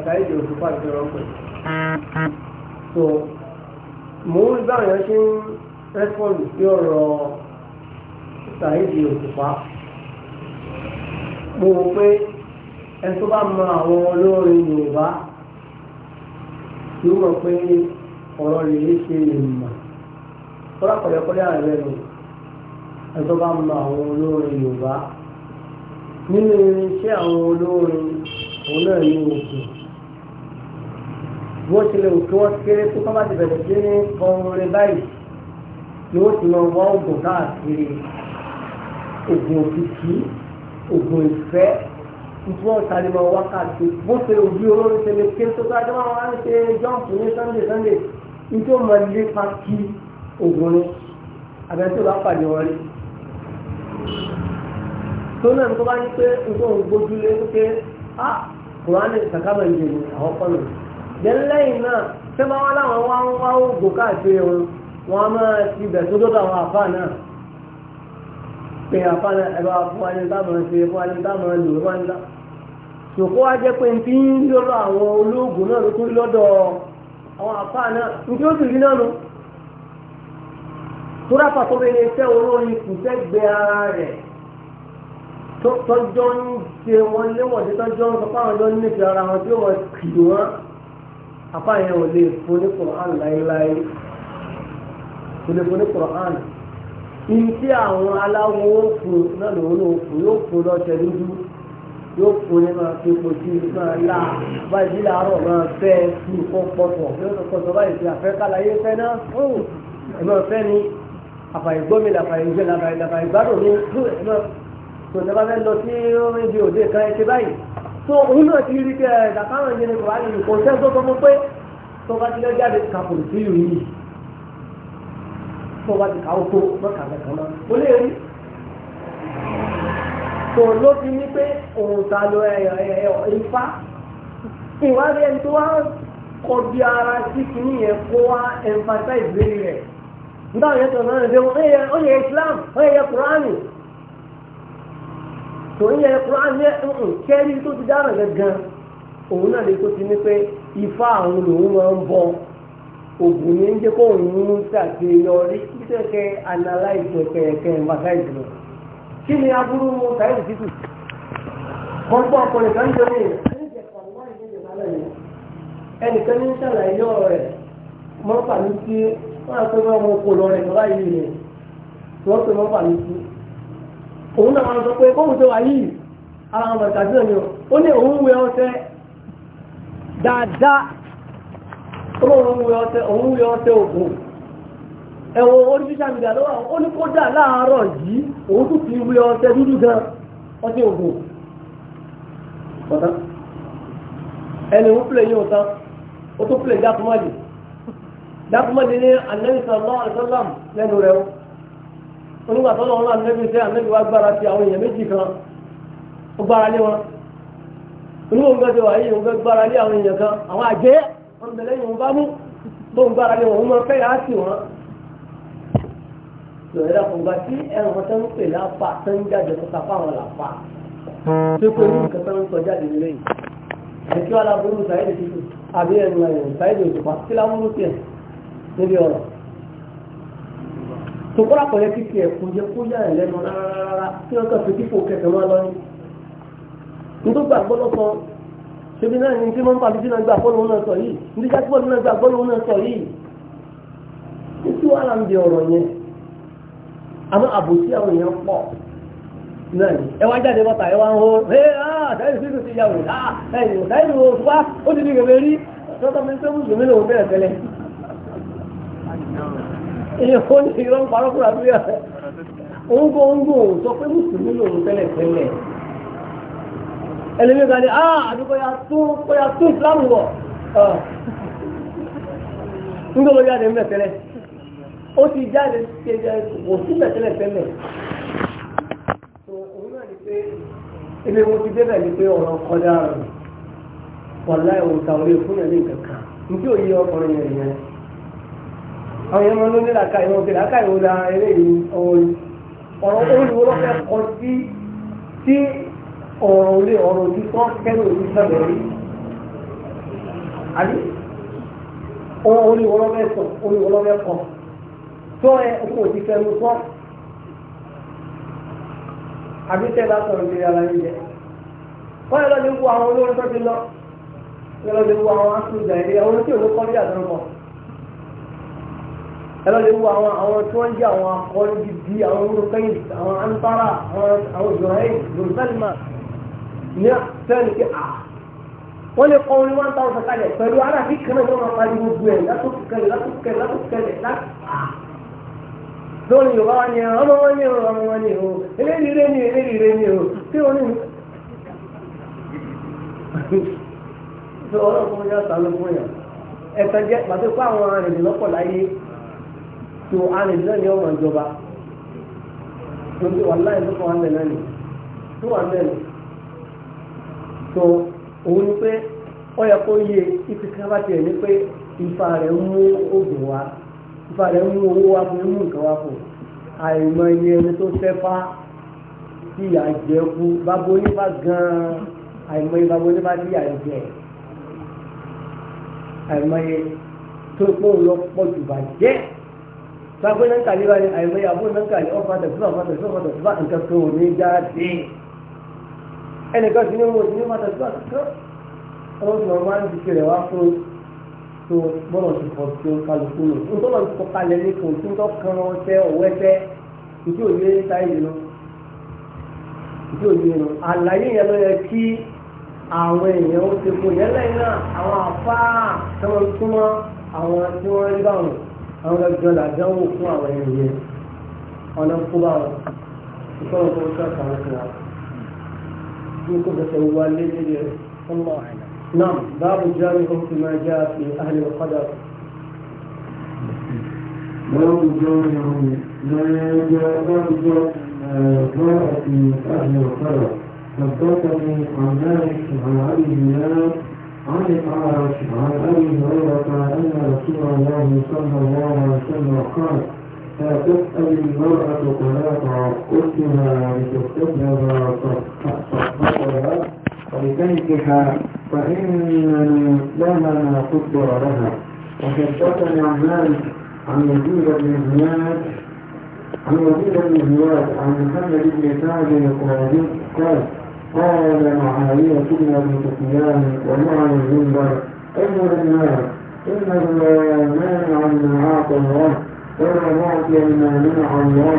ṣáìdì òṣùpá ìjọba pẹ̀ mò ń gbà ṣe ń rẹ́kọ̀dù sí ọ̀rọ̀ ṣàìdì òṣùpá mo rò pé ẹni tó bá mọ àwọn olórin yorùbá yóò mọ̀ pé ọ̀rọ̀ rèé ṣe lè mọ̀ tọ́lá pẹ̀lẹ́pẹ̀lẹ́ ààrẹ nù ẹni tó bá mọ àwọn olórin yorùbá nínú irinṣẹ́ àwọn olórin òun náà ní òkè wọ́n ti lè kí wọ́n kéré tó kọ́ bá ti bẹ̀rẹ̀ sí ní kọrin báyìí ni wọ́n ti lọ wá oògùn káàkiri oògùn òkìkí oògùn ìfẹ́ ìfún ọ̀sàlẹ̀ máa wá káàkiri wọ́n ti lè ojú olórin ṣe lè kéré tó ká jọ́mọ́ wọn ṣe jọ́ǹpù ní sunday sunday nítorí wọ́n máa lé pa kí oògùn ni àbẹ̀tí ìwà pàdé wọn ah kùránì kàkàbà ìjẹ̀lẹ̀ àwọn kọ́nà dẹ́lẹ́yìn náà tí wọ́n wá láwọn wá ń wá ògùn káàkiri wọn wọn a máa ti bẹ̀ tó dọ́dọ̀ àwọn àfa náà pé àfa náà ẹ̀rọ afúnwájú táwọn ṣe fúnwájú táwọn lò wọ́n ńlá ṣòkó wá jẹ́ pé ti ń lọ́dọ̀ àwọn olóògùn náà ló tún lọ́dọ̀ àwọn àfa náà nítí ó sì rí náà nù tó rápà tó bẹ lè fẹ́ olórin kù fẹ́ ara rẹ̀ tọ́jọ́ ń ṣe wọn léwọ̀n tí tọ́jọ́ ń sọ fáwọn ọjọ́ nífẹ̀ẹ́ ara wọn tí wọ́n kì í wọn àfáàyàn ò lè fún ní Qur'an láéláé kò lè fún ní Qur'an ní tí àwọn aláwo ó fún náà lòun ló fún yóò fún lọ́tẹ̀ lójú yóò fún ní máa fi epo sí ní máa la báyìí láàárọ̀ máa fẹ́ sí nǹkan pọ̀pọ̀ yóò tó pọ̀ tó báyìí sí àfẹ́ kálàyé fẹ́ náà ẹ̀ máa fẹ́ ni àfàyè gbọ́mi làfàyè gbẹ làfàyè làfàyè gbádùn mi ẹ̀ máa tòun ní bá fẹ́ lọ sí rédíò òde kan ẹ ṣe báyìí so òun náà ti rí kẹ ẹ̀dá eh, káwọn ìyẹn ní kòránì ní kò sẹ́ni tó tọmọ pé tó bá ti lọ́jà lè kà kòrò sí ìròyìn yìí tó bá ti káwó tó mọ́kà mẹ́kà máa ó lè rí tó ló fi ní pé òun ta lọ eh, eh, ifá ìwádìí ẹni tó wá kọbi ara sí kìíní yẹn kó wá emphasize lórí rẹ̀ nígbà yẹn tó náà ṣe ó yẹ Islam ó yẹ Kùránì. torí ẹ Quran yẹ kẹ́rí tó ti dára gangan òun náà lè tó ti ní pé ifá àwọn lòun máa ń bọ ògùn ní ń jẹ́ kó òun ń ṣàṣeyọrí kíkẹ́kẹ́ analyze kẹ̀kẹ́ emphasize lọ. kí ni aburú mu sáyẹ̀dì títù kọ́ńpọ̀ ọkùnrin kan jẹ́ mi ẹnìkan ní ṣàlàyé ọ̀rọ̀ rẹ̀ mọ́fà ní sí wọ́n á lọ rẹ̀ lọ́wọ́ yìí wọ́n mọ́fà òun náà wọn sọ pé kóhùn tó wà yìí ara wọn bàtà sílẹ̀ ni ó ní òun wẹ ọṣẹ dáadáa ó lóun wẹ ọṣẹ òun wẹ ọṣẹ ògùn ẹ̀wọ̀n oríṣiríṣi media ló wà ó ní kódà láàárọ̀ yìí òun tún fi wẹ ọṣẹ dúdú gan ọṣẹ ògùn ọ̀tán ẹni ń pèlè yóò tán ó tún pèlè dákúmọ́lì dákúmọ́lì ní anẹ́sàn lọ́wọ́ lẹ́nu rẹ̀ ó onígbà tó lọ́wọ́ náà nẹ́bí sẹ́ ànẹ́bí wá gbára ti àwọn èèyàn méjì kan ó gbára lé wọn onígbà òun gbẹ́sẹ̀ wáyé òun fẹ́ gbára lé àwọn èèyàn kan àwọn àjẹ́ wọn bẹ̀rẹ̀ yìí wọn bá mú tó ń gbára lé wọn wọn máa fẹ́ yà á sì wọn. lọ́yẹ̀ dàpọ̀ gba tí ẹran wọn tán ń pè lápá tán ń jáde tó ta fáwọn làpá tó kó ní nǹkan tán ń sọ jáde nílé yìí ẹ̀kí wà láburú tuntun àbí ẹ̀rù tòkúrà pẹ̀lẹ́ kíkì ẹ̀kún jẹ́ kó yá ẹ̀lẹ́nu rárá kí wọ́n kàn fi kíkò kẹ̀kẹ́ wọn lọ ní. nítorí gbàgbọ́ lọ sọ ṣebi náà ní tí wọ́n ń pàdé sí náà gbà bọ́ọ̀lù náà sọ yìí ní ká bọ́ọ̀lù náà gbà bọ́ọ̀lù náà sọ yìí. títí wàhálà ń bẹ ọ̀rọ̀ yẹn àmọ́ àbòsí àwọn èèyàn pọ̀ náà ni ẹ wá jáde bọ́ta ẹ wá ń hó ẹ ah dáìrì sí ti yàwó ah ẹ̀yìn dáìrì wo èyàn kò ní ìrọ̀ ń parọ́ fúnra bí ọ̀sẹ̀ òun kò ń gùn òun sọ pé mùsùlùmí lòun tẹ́lẹ̀ tẹ́lẹ̀ ẹlẹ́mí kan ní ah àdúgbò ya tún kó ya tún islam wọ̀ nígbà ló jáde ńbẹ tẹ́lẹ̀ ó ti jáde kéde kò síbẹ̀ tẹ́lẹ̀ tẹ́lẹ̀ òun náà ni pé ebi mo ti débẹ̀ ni pé ọ̀rọ̀ kọjá rẹ̀ wọ̀láì òun ta orí fún yẹn ní nǹkan kan níbi òye ọkùnrin yẹn yẹn àwọn èèyàn máa ń lóní làkà ìwọ̀n òkè làkà ìwọ̀n da eré yìí ọ̀rọ̀ ọ̀rọ̀ olùwọ́ ló fẹ́ kọ sí tí ọ̀rọ̀ olè ọ̀rọ̀ òdì tó kẹ́rù òdì sábẹ̀ rí àbí ọ̀rọ̀ olùwọ́ ló fẹ́ sọ olùwọ́ ló fẹ́ kọ tó ẹ òkú òdì kẹnu sọ àbí tẹ́ bá sọ̀rọ̀ ìdílé ara yín jẹ wọ́n yẹ lọ́ọ́ lè àwọn olórí tó ti lọ ẹ̀rọ lè wo àwọn àwọn tí wọ́n jẹ́ àwọn akọrin gidi àwọn olùkẹ́yìn àwọn antara àwọn ìjọ̀hẹ́yìn lòsẹ́lìmà ní sẹ́ni pé à ah! wọ́n lè kọ orin one thousand kalẹ̀ pẹ̀lú ara fi kẹ́lẹ́ ní wọn parí gbogbo ẹ̀ látòkù kẹlẹ̀ látòkù kẹlẹ̀ látòkù kẹlẹ̀ látòkù ah! lórí Yorùbá wa ni ọmọ wọn ni o ọmọ wọn ni o eléyìí rẹ ni eléyìí rẹ ni o tí wọn ní. sọ ọlọ́run fún mi yàtọ̀ àlọ́ fún tó alẹ́ náà ni ọmọ ìjọba tó ti wà láì tó kàn án lẹ̀ náà ni tó wà lẹ́nu tó òun ni pé ó yẹ kó yé ibi kan bá tiẹ̀ ní pé ifá rẹ̀ ń mú oògùn wá ifá rẹ̀ ń mú owó wá fún mú nǹkan wá fún àìmọ̀ iye ẹni tó fẹ́ fá tí ìyà jẹ kú bábo onífá gan-an iye bábo onífá tí ìyà jẹ àìmọ̀ iye tó pọ̀ lọ pọ̀ jù bàjẹ́ safai nan kali ba ne a yi mai abu nan kali ọfa da zuwa fata zuwa fata zuwa in ka so ne jáde ẹnì kan sí ní mo sí ní fata zuwa tó ó sì máa máa ń di kiri wá fún tó bọ́lọ̀ ti kọ̀ tó kálukú nù ń tọ́lọ̀ ti kọ̀ kalẹ̀ ní kò tí ń tọ́ kan ọ̀sẹ̀ ọ̀wẹ́sẹ̀ ìdí òye sáyé nù ìdí òye nù àlàyé yẹn ló yẹ kí àwọn èèyàn ó ti kó yẹn lẹ́yìn náà àwọn àfáà tó máa ń àwọn tí wọ́n rí báwọn. àwọn ọjọ́ làdánwò fún àwọn ènìyàn ọ̀nà kúbà ìfọ̀rọ̀ tó ká kàwọn fún wa bí kò fẹsẹ̀ wá lé lórí rẹ̀ ọmọ náà báàbù jáde ó fi máa já fi àhàlẹ̀ ọ̀kadà. báàbù jáde ó máa já báàbù jáde ó fi àhàlẹ̀ ọ̀kadà. حدثني عن مالك عن عبد الله عن الأعرج عن أبي هريرة أن رسول الله صلى الله عليه وسلم قال لا تسأل المرأة طلاق أختها لتستجلب صحبتها ولتنكح فإن لها ما قدر لها وحدثني عن مالك عن وزير بن زياد عن وزير بن زياد عن محمد بن سعد القرظي قال قال معاوية بن أبي سفيان ومعن المنبر أيها الناس إن الله مانع ما أعطى الله ولا معطي لما منع الله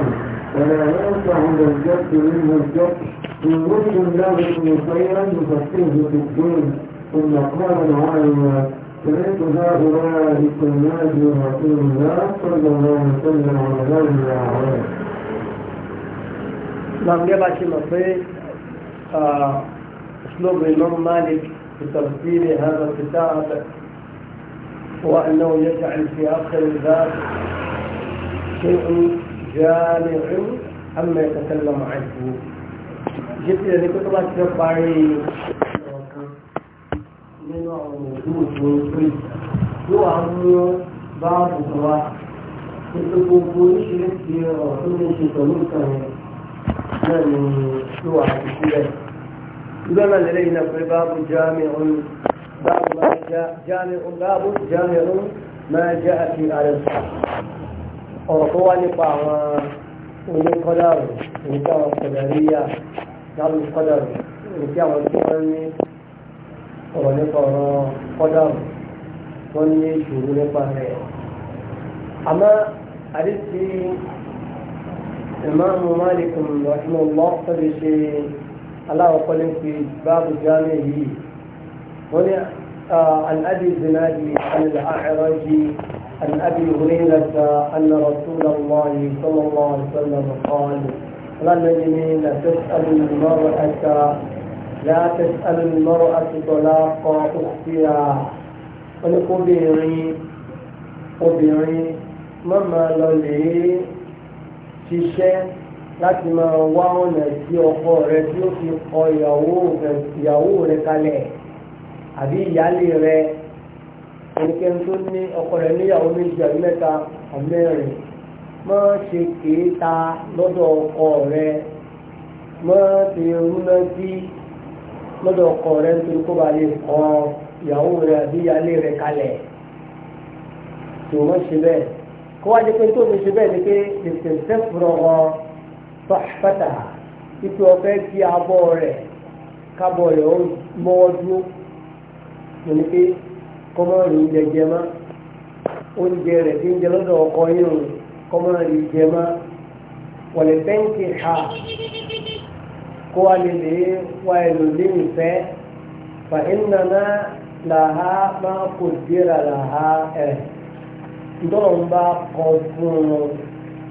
ولا ينفع من الجد منه الجد إن وجد له خيرا يفكره في الدين ثم قال معاوية سمعت هؤلاء ينادي رسول الله صلى الله عليه وسلم على ذلك الله. نعم يا باشا أسلوب الإمام مالك في تفسير هذا الكتاب هو أنه يجعل في آخر الباب شيء جامع عما يتكلم عنه جبت لي كتب أكثر nínú àwọn ìlú ìgbòho yóò wá mú báàbù kan wá nítorí gbogbo oríṣiríṣi ọ̀rọ̀ tó ní ṣe pẹ̀lú ìtàn yẹn náà ni yóò wá ti sílẹ̀. قلنا لدينا في باب جامع باب ما جاء جامع باب جامع ما جاء في آل أعطواني بعض ولي قدر ونكاو القدرية قال القدر ونكاو القرآن ونقرأ قدر وني شروع بحرين أما أردت إمام مالك رحمه الله فبشي aláwọ̀kọ́ ní fi báàbù jáde yìí wọ́n ní الأبي الزنادي عن الأعرج عن أبي هريرة أن رسول الله صلى الله عليه وسلم قال لا نجني لا تسأل المرأة لا تسأل المرأة طلاق أختها ونقبري obìnrin mọ́mọ́ lọ lè ṣiṣẹ́ láti máa wá ọ̀nà tí ọkọ rẹ tí ó fi kọ ìyàwó rẹ kalẹ̀ àbí ìyáálé rẹ ẹnikẹ́ni tó ní ọkọ rẹ níyàwó méjì àbí mẹ́ta àbí mẹ́rin má ṣe kéèta lọ́dọ̀ ọkọ rẹ má ṣe rúná sí lọ́dọ̀ ọkọ rẹ nítorí kó ba lè kọ ìyàwó rẹ àbí ìyáálé rẹ kalẹ̀ tó má ṣe bẹ́ẹ̀ kó wá jẹ́ pé tó ní ṣe bẹ́ẹ̀ ni pé tètè fẹ́ fúnra wọn tọ́ṣpẹ́tà ipe ọ̀fẹ́ kí abọ́ rẹ̀ kábọ̀ rẹ̀ ó mọ́wọ́ dúró mo ní pé kọ́mọ́rì ń jẹjẹ mọ́ oúnjẹ rẹ̀ tí ń jẹ lọ́dọ̀ ọkọ yìí o kọ́mọ́rì jẹ mọ́ wọ̀lẹ̀ bẹ́ńkì ha kó wa lè lè wá ẹlòmíì fẹ́ fa ìnana làhá máa kò dira làhá ẹ̀ ntọ́nà ń bá kọ fún un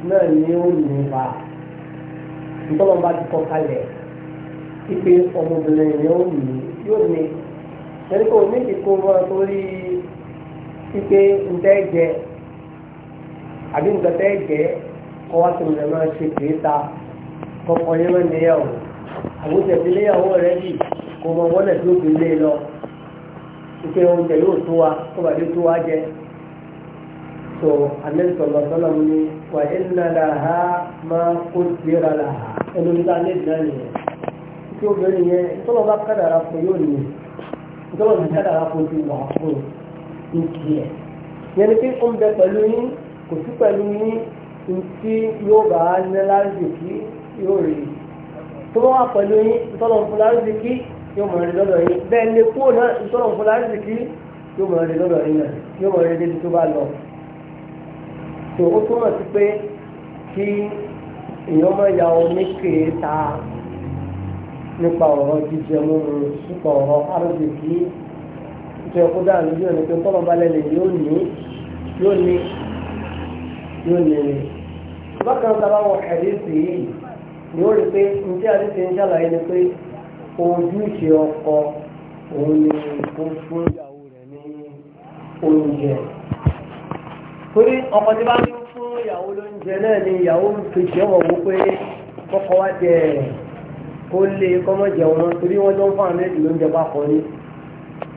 náà ní ó nìyí pa ntọ́lọ́ bá ti kọ́ kalẹ̀ ipe ọmọbìnrin yẹn ó ní yóò ní ẹni kò ní kíkó wọn torí ipe ntẹ́ jẹ àbí nǹkan tẹ́ jẹ kọ́ wá tóun lè máa ṣe pé ta kọ́kọ́ yẹn máa níyàwó àbújá ìdíléyàwó rẹ bì kò mọ wọlé tó fi lé e lọ ipe oúnjẹ yóò tó wa kó bàbá tó wa jẹ. so anẹ́sọ̀lọ́sọ́lọ́ mi ni wà á ń nà láha máa kó gbéra la ẹnu níta lé náà nìyẹn tí obìnrin yẹn tọ́lọ̀ bá kádàrà fún yóò ní tọ́lọ̀ bá kádàrà fún ti wà fún ní tiẹ̀ yẹn ni pé ó ń bẹ pẹ̀lú yín kò sí pẹ̀lú yín ntí yóò bá ní lárídìkí yóò rí tó bá wà pẹ̀lú yín tọ́lọ̀ fún lárídìkí yóò mọ̀ rí lọ́dọ̀ yín bẹ́ẹ̀ lè kúrò náà tọ́lọ̀ fún lárídìkí yóò mọ̀ rí lọ́dọ̀ yín èèyàn máa ya oníkè ta nípa ọ̀rọ̀ jíjẹ múmu nípa ọ̀rọ̀ arúgbìkì nítorí ọkọ̀ dáa lójú ẹni pé tọ́lọ̀ balẹ̀ lè yóò ní yóò ní yóò ní ní. bákan sábà wọ ẹ̀dínsì yìí ni ó rí pé njẹ́ àdínsì ń ṣàlàyé ni pé ojúṣe ọkọ òun ni ó fún ìyàwó rẹ̀ ní oúnjẹ torí ọkọ tí bá ń fún ìyàwó lóúnjẹ náà ni ìyàwó ń fi ṣẹ́wọ̀ wó pé kọ́kọ́ wá jẹ kó lè kọ́mọ́ jẹun wọn torí wọ́n jọ ń fún àwọn méjì lóúnjẹ papọ̀ ni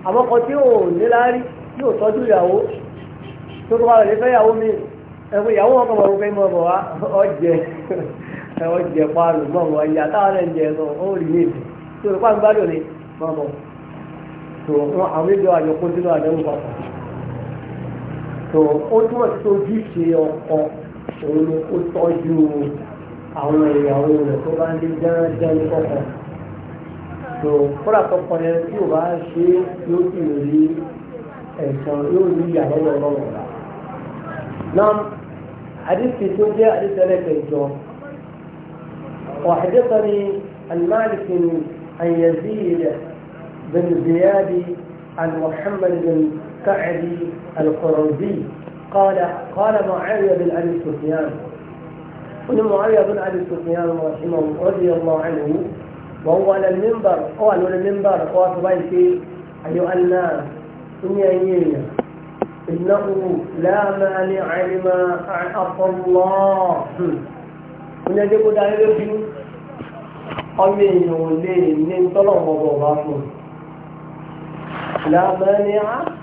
àmọ́kọ tí ò níláárí tí ò tọ́jú ìyàwó tó tó bá rẹ̀ fẹ́ ìyàwó mi ẹ̀fọ́ ìyàwó wọn kọ̀ọ̀mọ̀ wípé mọ̀ bọ̀ wá ọ̀jẹ̀ ọ̀jẹ̀ paálù mọ̀ wọ̀ ìyá táwọn ẹ̀ ń jẹ lọ ó rí ní ìlú tó rẹ̀ pàǹgbádùn ni mọ̀ bọ̀ tó ó túmọ̀ sí ojúṣe ọkọ òun ni ó tọ́jú àwọn ìyàwó rẹ̀ tó bá ń lé dáadáa ní kọ̀kọ̀ tó kódà tọkọ yẹn tí ò bá ṣe yóò sì rí ẹ̀sán yóò rí ìyàwó lọ́wọ́ rà náà àdìsí tó jẹ́ àdìsí ẹlẹ́kẹ̀ẹ́jọ وحدثني المالك عن يزيد بن زياد عن محمد بن كعب القرنزي قال قال معاوية بن أبي سفيان قل معاوية بن أبي سفيان رحمه رضي الله عنه وهو على المنبر أو على المنبر قال بيتي أيها الناس دنيا إنه لا مانع لما أعطى الله من يجب دائما ọmọ èèyàn ò lè ní tọ́lọ̀ ọmọ ọba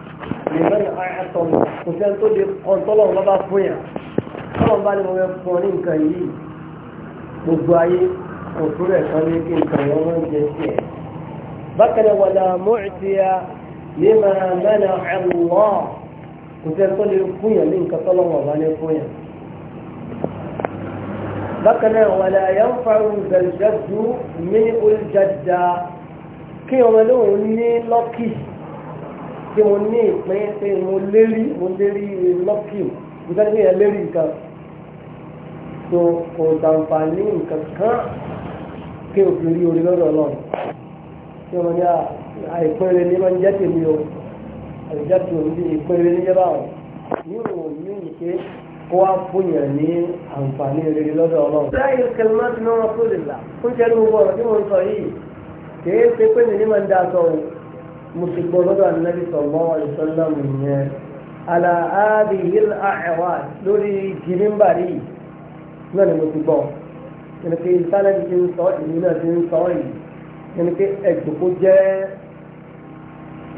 lèmọ́nì àìsàn kò sẹ́ni tó lè kàn tọ́lọ̀ wọn bá fún yà tọ́lọ̀ bá ní wọn bẹ fún ọ ní nǹkan yìí gbogbo ayé kò tó rẹ̀ kan ní kí nǹkan yẹn wọ́n jẹ sí ẹ̀. bákan náà wàlà mọ́ọ̀tìyà pé mo ní ìpín pé mo lérí mo lérí lọ́kì nígbàdí pé yẹn lérí nǹkan tó kò dàǹfààní nǹkan kan kí o fi rí orí lọ́dọ̀ náà tí wọ́n ní àìpín rẹ ní máa ń jẹ́ tèmi o àìjẹ́ tèmi ní ìpín rẹ ní jẹ́ báwọn ní òun ní ìpín kó wá fún yàn ní àǹfààní rere lọ́dọ̀ ọlọ́run. láyé kẹlẹ́mọ́tì náà wọ́n tó lè là fún jẹ́rú gbogbo ọ̀rọ̀ tí mo ń sọ yìí kì í ṣe pé mi máa ń da aṣọ òun. مسكو لدى النبي صلى الله عليه وسلم على هذه الأعواد لوري جنين باري من مسكو يعني في إنسان الجن صوي من الجن صوي يعني في أجدكو جاء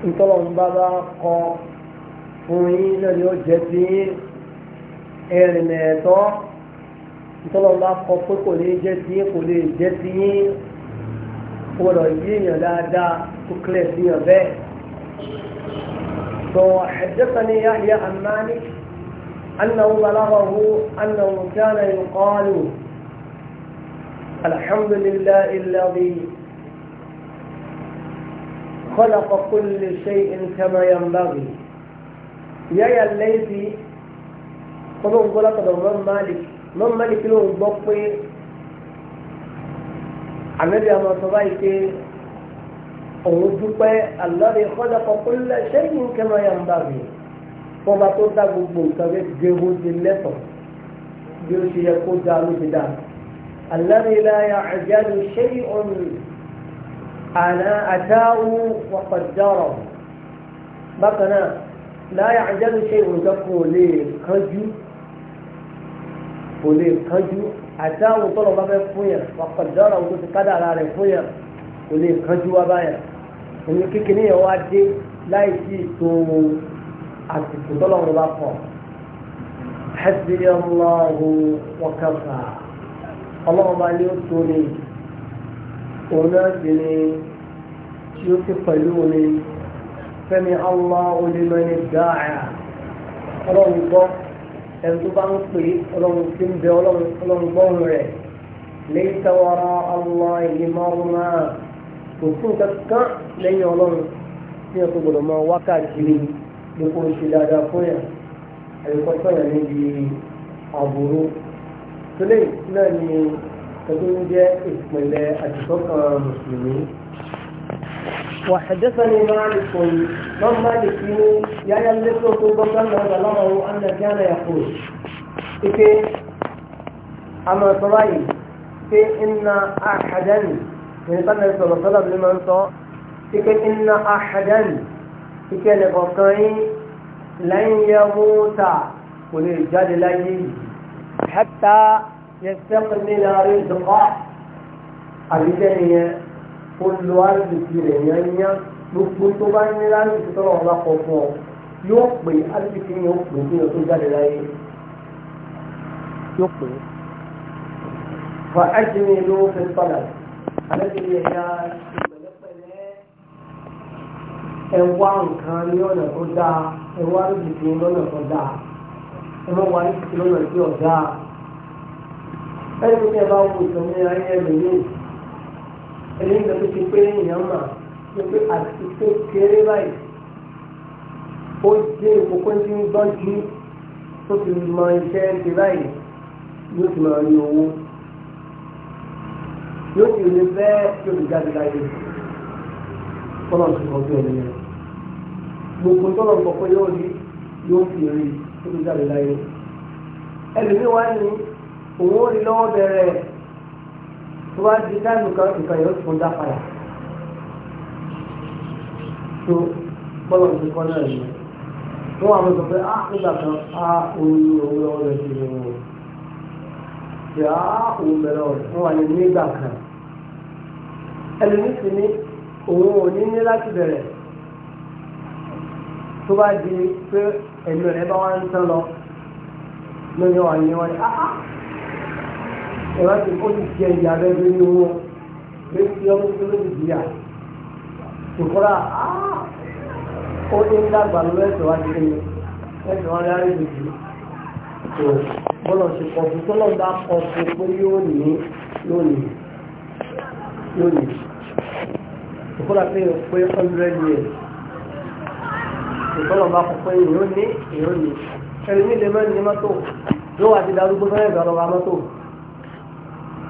انتظروا بابا قو فوين اليو جتين ẹ̀rìnà ẹ̀tọ́ ìtọ́lọ́wọ́ bá kọ pé kò lè jẹ́ sí kò lè jẹ́ sí gbọ́dọ̀ yí èèyàn dáadáa tó kílẹ̀ sí yàn bẹ́ẹ̀. tó حدثني يحيى عن مالك أنه بلغه أنه كان يقال الحمد لله الذي خلق كل شيء كما ينبغي yáyà lẹ́yìn tí ọlọ́run gbọ́dọ̀ lọ́dọ̀ mọ́ Malik mọ́ Malik ló ń gbọ́ pé àmẹ́bí àwọn ọ̀sán báyìí pé òun dúpẹ́ alladhi khalaqa kulla shay'in kama yanbaghi wọ́n bá tó dá gbogbo nǹkan rẹ̀ gbéhùn ti lẹ́tọ̀ bí ó ṣe yẹ kó dá ló ti dá alladhi la ya'jalu shay'un ana ataahu wa qaddarahu bákan náà la ya'jalu shay'un nǹkan kò lè kánjú kò lè kánjú àdáhùn tọ́lọ̀ bá fẹ́ fún yàn ọ̀kọ̀dọ́rọ̀ àwọn tó ti kádà ara rẹ̀ fún yàn kò lè kánjú wá báyà òní kékeré yẹn wá dé láì sí ètò àsìkò tọ́lọ̀ wọn bá kọ̀ hasbi allahu wa ọlọ́run bá ní ó tó òun náà sì ní tí ó ti pẹ̀lú ní fẹ́mi allahu liman dáa ọlọ́run gbọ́ ẹni tó bá ń pè ọlọ́run tí ń bẹ ọlọ́run gbọ́run rẹ̀ lẹ́yìn tawara ọlọ́ ìlú mọ́rùnmá kò fún kankan lẹ́yìn ọlọ́run tí wọ́n tó gbọ́dọ̀ mọ wákàtí ní kò dáadáa fún yà ẹ̀yọ́kọ́ sọ̀rọ̀ níbi àbúrò tó lẹ́yìn náà ni ẹ̀tọ́ ń jẹ́ ìpínlẹ̀ àtìkọ́kàn mùsùlùmí. وحدثني مالك من مالك يا يملك طوبة بلغه أن كان يقول إيه أما طبعي في إن أحدا يعني قال النبي صلى الله عليه وسلم لمن صار في إن أحدا في كان لن يموت وللجال لن حتى يستقبل رزقه أبدا kó lo àlùkì rẹ̀ yányá gbogbo tó bá ní láǹkì tó lọ́wọ́ bá kọ fún ọ yóò pè àlùkì yóò pè kí yóò tó jáde láyé yóò pè é. fa ájìmí ló fi padà àlùkì yẹn ya pẹ̀lẹ́pẹ̀lẹ́ ẹwà nǹkan ní ọ̀nà tó dáa ẹwà àlùkì lọ́nà tó dáa ẹwà wà ní lọ́nà tí dáa ẹni tí ẹ bá wù sọ ní ayé ẹ lè yé ẹni ìgbà tó ti pé èèyàn mà ló pé àti tó kéré báyìí ó dé ìkókó tí ń gbọ́n jí tó ti mọ iṣẹ́ ń ti báyìí yóò ti máa ní owó yóò ti lè fẹ́ tó ti jáde láyé kọ́nà tó kọ́ bí ẹni yẹn gbogbo tọ́lọ̀ ń kọ́kọ́ yóò rí yóò fi rí tó ti jáde láyé ẹlòmíwá ni òun ó rí lọ́wọ́ bẹ̀rẹ̀ tó bá di táìmù kan nǹkan yóò tún dá padà tó gbọ́dọ̀ ti tu náà yìí tó wà mọ́ sọ pé á ah, nígbà kan á orí owó tu rẹ̀ ni dah kan ẹlòmíì sì ní òun ò ní ní láti bẹ̀rẹ̀ tó bá di pé ẹ̀mí rẹ̀ bá wá ń tán lọ ni áá ẹ̀rọ ti kó ti jẹ ìyá rẹ nínú wọn bí ti ọmọ tó lè di yà tòkúrà ó ní dàgbà ló ẹsẹ̀ wá sí ni ẹsẹ̀ wá rárá ìdòjì tó bọ́lọ̀ ṣe pọ̀ fún tó lọ́ọ́ bá pọ̀ fún pé yóò ní yóò ní yóò ní tòkúrà pé pé hundred years tòkúrà bá pọ̀ pé yóò ní yóò ní ẹni ní lè mẹ́rin ní mọ́tò yóò wá darúgbó fẹ́rẹ̀ gbàrọ̀ mọ́tò.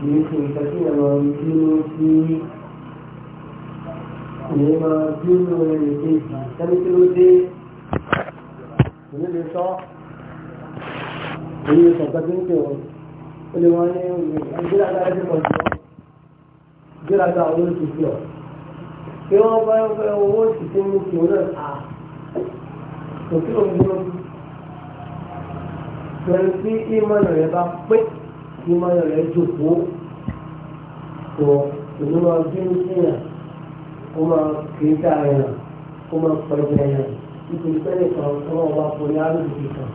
kìí ṣe nǹkan tí ẹ máa ń bínú sí ìyẹn máa bínú ẹni kejì sẹ́ni tí ló dé ìyẹn sọ èyí sọ̀kan tí ń pè ọ́ ó lè wọ́n ní ìgbéraga ẹni pọ̀ sí ọ́ ìgbéraga owó ti fi ọ́ pé wọ́n bá ń fẹ́ owó ti fi mú ìmọ̀ràn rẹ̀ jòkó tó ìlú máa bínú síyàn kó máa kiri dá ẹ̀yàn kó máa pẹ̀lú ẹ̀yàn nítorí pẹ́lẹ́ kan tó wọ́n bá fún ní alóòdì kan.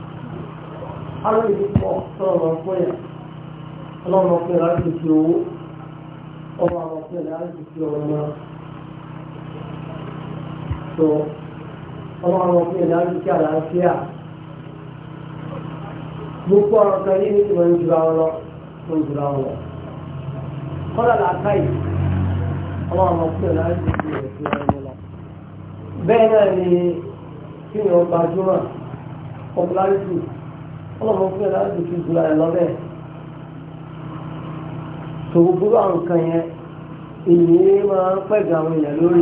alóòdì pọ̀ tó wọ́n máa fún yàn ọlọ́run máa fún yàn láti fi owó ọmọ àwọn fún yàn láti fi ọmọ tó ọmọ àwọn fún yàn láti fi àlàáfíà gbogbo ọ̀rọ̀ kan yìí ní ìmọ̀ ìjùlọ àwọn lọ tó ń dúra wọn kọ́lá làákàyè àwọn ni kí ni ọba júmọ̀ popularity ọlọ́mọ pé láti fi dúra ẹ̀ lọ bẹ́ẹ̀ tòwúgbúrú àwọn nǹkan yẹn ìyẹn máa ń pẹ̀gà àwọn èèyàn lórí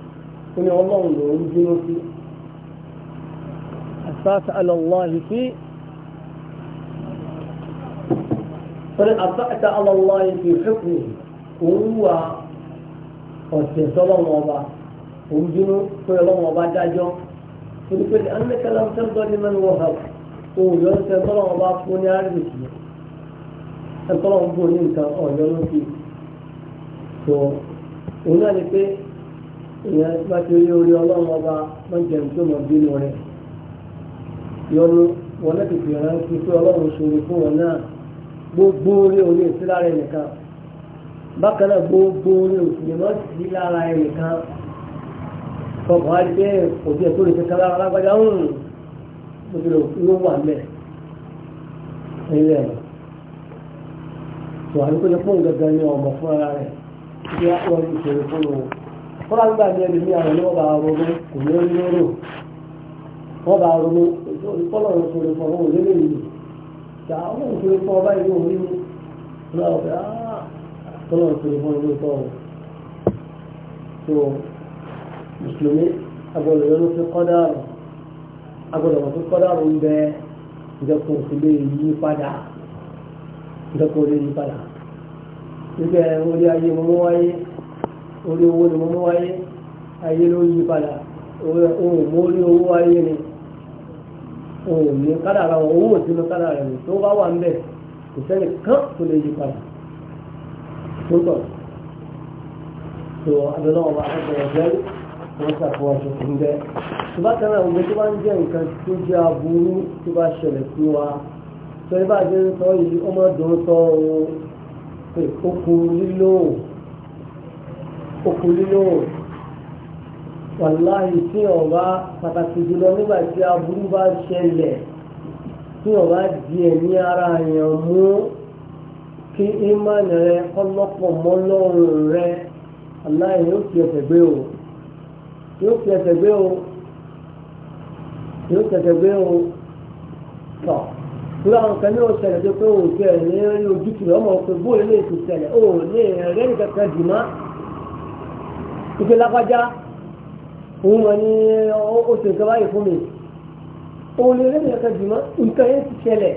ó ní ọlọ́run ló ń dúró sí àṣàṣà alọ́láhì sí sọ́rí àṣàṣà alọ́láhì sí ṣùkùn òun wà ọ̀sẹ̀ sọ́lọ́run ọba òun dúró pé ọlọ́run ọba dájọ́ torí pé anẹ́kẹ́lá ń tẹ́lẹ̀ ní mẹ́rin wọ́n hàn òun yọ ń tẹ́ sọ́lọ́run ọba fún ní àríwísì ẹ̀ sọ́lọ́run bò ní nǹkan ọ̀yọ́ ló fi so òun náà ni pé ìyẹn bá ti rí orí ọlọ́run ọba mọ́jẹ̀ tó mọ̀ bínú rẹ̀ yọnu wọn náà tètè rántí pé ọlọ́run ṣòro fún wọn náà gbogbo orí òní sí lára ẹnìkan bákan náà gbogbo orí òsì mọ́ sí lára ẹnìkan ọkàn á jẹ́ òbí ẹ̀ tó lè fi kára alágbádá ń gbogbo ló wà mẹ́ ilé ẹ̀rọ tó àdúgbò ní fóun gẹ́gẹ́ ní ọmọ fúnra rẹ̀ bí wọ́n ń ṣòro fún wọn kọ́lá nígbà ní ẹni ní àwọn ọba ronú kò ní orí lóró wọ́n bá ronú kọ́lá òun kò lè fọ òun lé lè yìí ṣá òun kò lè fọ ọba ìlú òun nínú kọ́lá ọ̀fẹ́ kọ́lá òun kò lè fọ òun lè tọ́ òun. tó mùsùlùmí agbọ́dọ̀ yọ ló fi kọ́dà rọ̀ agbọ́dọ̀ wọ́n fi kọ́dà rọ̀ ń bẹ ìjọkùn kò lè yí padà ìjọkùn kò lè yí padà nígbà orí ayé mọ́mọ́ wáyé orí owó ni mo mú wáyé ayé ló yí padà òun mú orí owó wáyé ni òun ní kádàrà wọn owó òsínú kádàrà rẹ̀ tó bá wà ń bẹ̀ kò sẹ́ni kán tó lè yí padà tó tọ̀ tó abẹ́lẹ́ ọba akẹ́kọ̀ọ́ jẹ́ wọ́n ṣàfihàn ṣòkùn bẹ́ẹ̀ tó bá tẹ́lẹ̀ òun tó bá ń jẹ́ nǹkan tó jẹ́ aburú tó bá ṣẹlẹ̀ sí wa tó yẹ bá jẹ́ sọ yìí ọmọdún sọ ohun okùn lílò okòlélóòrùn wàláhì tí ọba pàtàkì jùlọ nígbà tí aburú bá ṣẹlẹ̀ tí ọba di ẹ̀mí ara yẹn mú kí ìmánì rẹ kọ́lọ́pọ̀ mọ́lọ́rùn rẹ aláì yóò fi ẹsẹ̀ gbé o yóò fi ẹsẹ̀ gbé o yóò fi ẹsẹ̀ gbé o tọ̀ kúrò àwọn kan ní ọ̀sẹ̀ rẹ̀ pé o ò tẹ̀ ní ojú ọmọ pé bóyá lè ti o ò lè nìkan kan dì máa ìpè lápájá òun mọ̀ ní oṣù nǹkan báyìí fún mi òun lè rẹ́mi ẹ̀ka jùmọ́ nǹkan yẹn ti ṣẹlẹ̀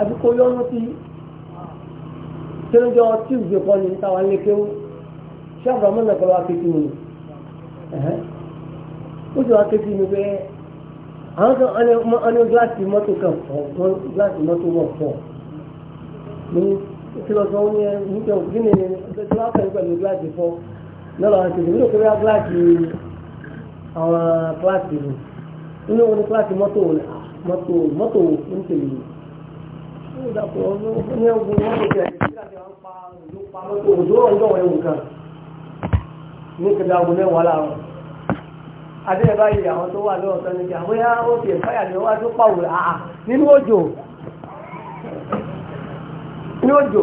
àti kò yọ́nú sí tẹ́lẹ́jọ́ tíwùjẹ́ kọ́ ni táwa ń lé kéwú ṣé àbúrámọ́ náà kọ́ lọ́wọ́ akéjì mi ó sì wá akéjì mi pé àwọn kan ọ́nà gíláàsì mọ́tò kan fọ́ gíláàsì mọ́tò wọ̀ fọ́ ní kí lọ́sọ̀ọ́ ní ẹ̀ níjọ́ kí ni ẹ̀ ń tẹ́tí wá pẹ̀lú pẹ̀lú gíláàsì fọ́ lọ́rọ̀ àwọn tètè nílò kóríyá kíláàsì àwọn kíláàsì rẹ̀ nínú wọn ní kíláàsì mọ́tò mọ́tò mọ́tò ń tèlè yìí. ó dàpọ̀ ọdún ní ọgbọ̀n mọ́tò tẹ̀ kíláàsì àwọn pa òjò pa mọ́tò òjò ọ̀dọ́ wọn ẹ̀wù kan ní kẹta ọgbọ̀n mẹ́wàá láàrọ̀. adé ẹ̀ báyìí àwọn tó wà lọ́wọ́ sọ́ni kí àwọn yá ó fi ẹ̀fáyà ni wọ́n á tó pàwọ̀ àà nínú òjò nínú òjò.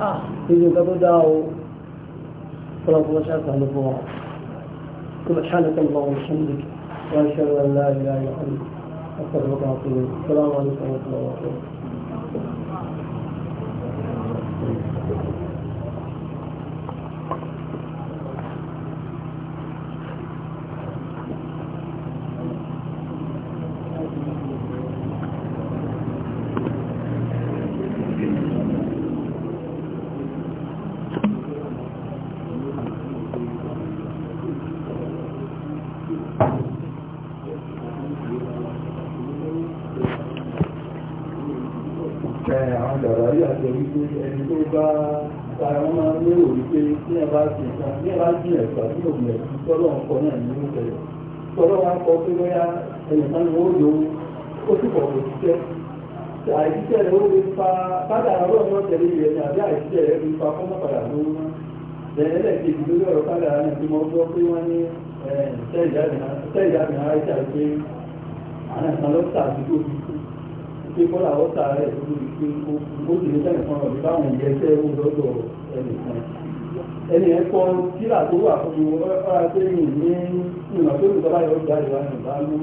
ah nínú nǹkan tó dá o ọlọ́pọ̀ lọ́ṣà sàánú fún wa سبحانك اللهم وبحمدك واشهد ان لا اله الا انت استغفرك واتوب اليك السلام عليكم ورحمه الله وبركاته bí ẹ bá dín ẹ̀ gbà tí òun ẹ̀ tọ́lọ́ ń náà ní oúnjẹ rẹ̀ tọ́lọ́ wa kọ pé bóyá ẹnìkan ni ó lò ó ó sì pọ̀ kò ṣiṣẹ́ àìsíṣẹ́ rẹ̀ ó lè fa bàtà ọlọ́run náà tẹ̀lé ìrẹ̀ ní àbí àìsíṣẹ́ rẹ̀ lè fa fọ́nmọ́padà lówó náà lẹ́yìnlẹ́kejì lórí ọ̀rọ̀ padà náà tí gbọ́ pé wọ́n ní tẹ́ìdáàbìnrin aráìsà pé àwọn ẹ̀sán lọ́tà àti tó fi kú pé kọ́là ọ̀tà rẹ̀ tó ẹni ẹ̀ kọ́ kíra tó wà fún mi ọ̀rọ̀ pé mi ní ìmọ̀ tó nìkan báyọ̀ ọjà ìwà ìgbà ló.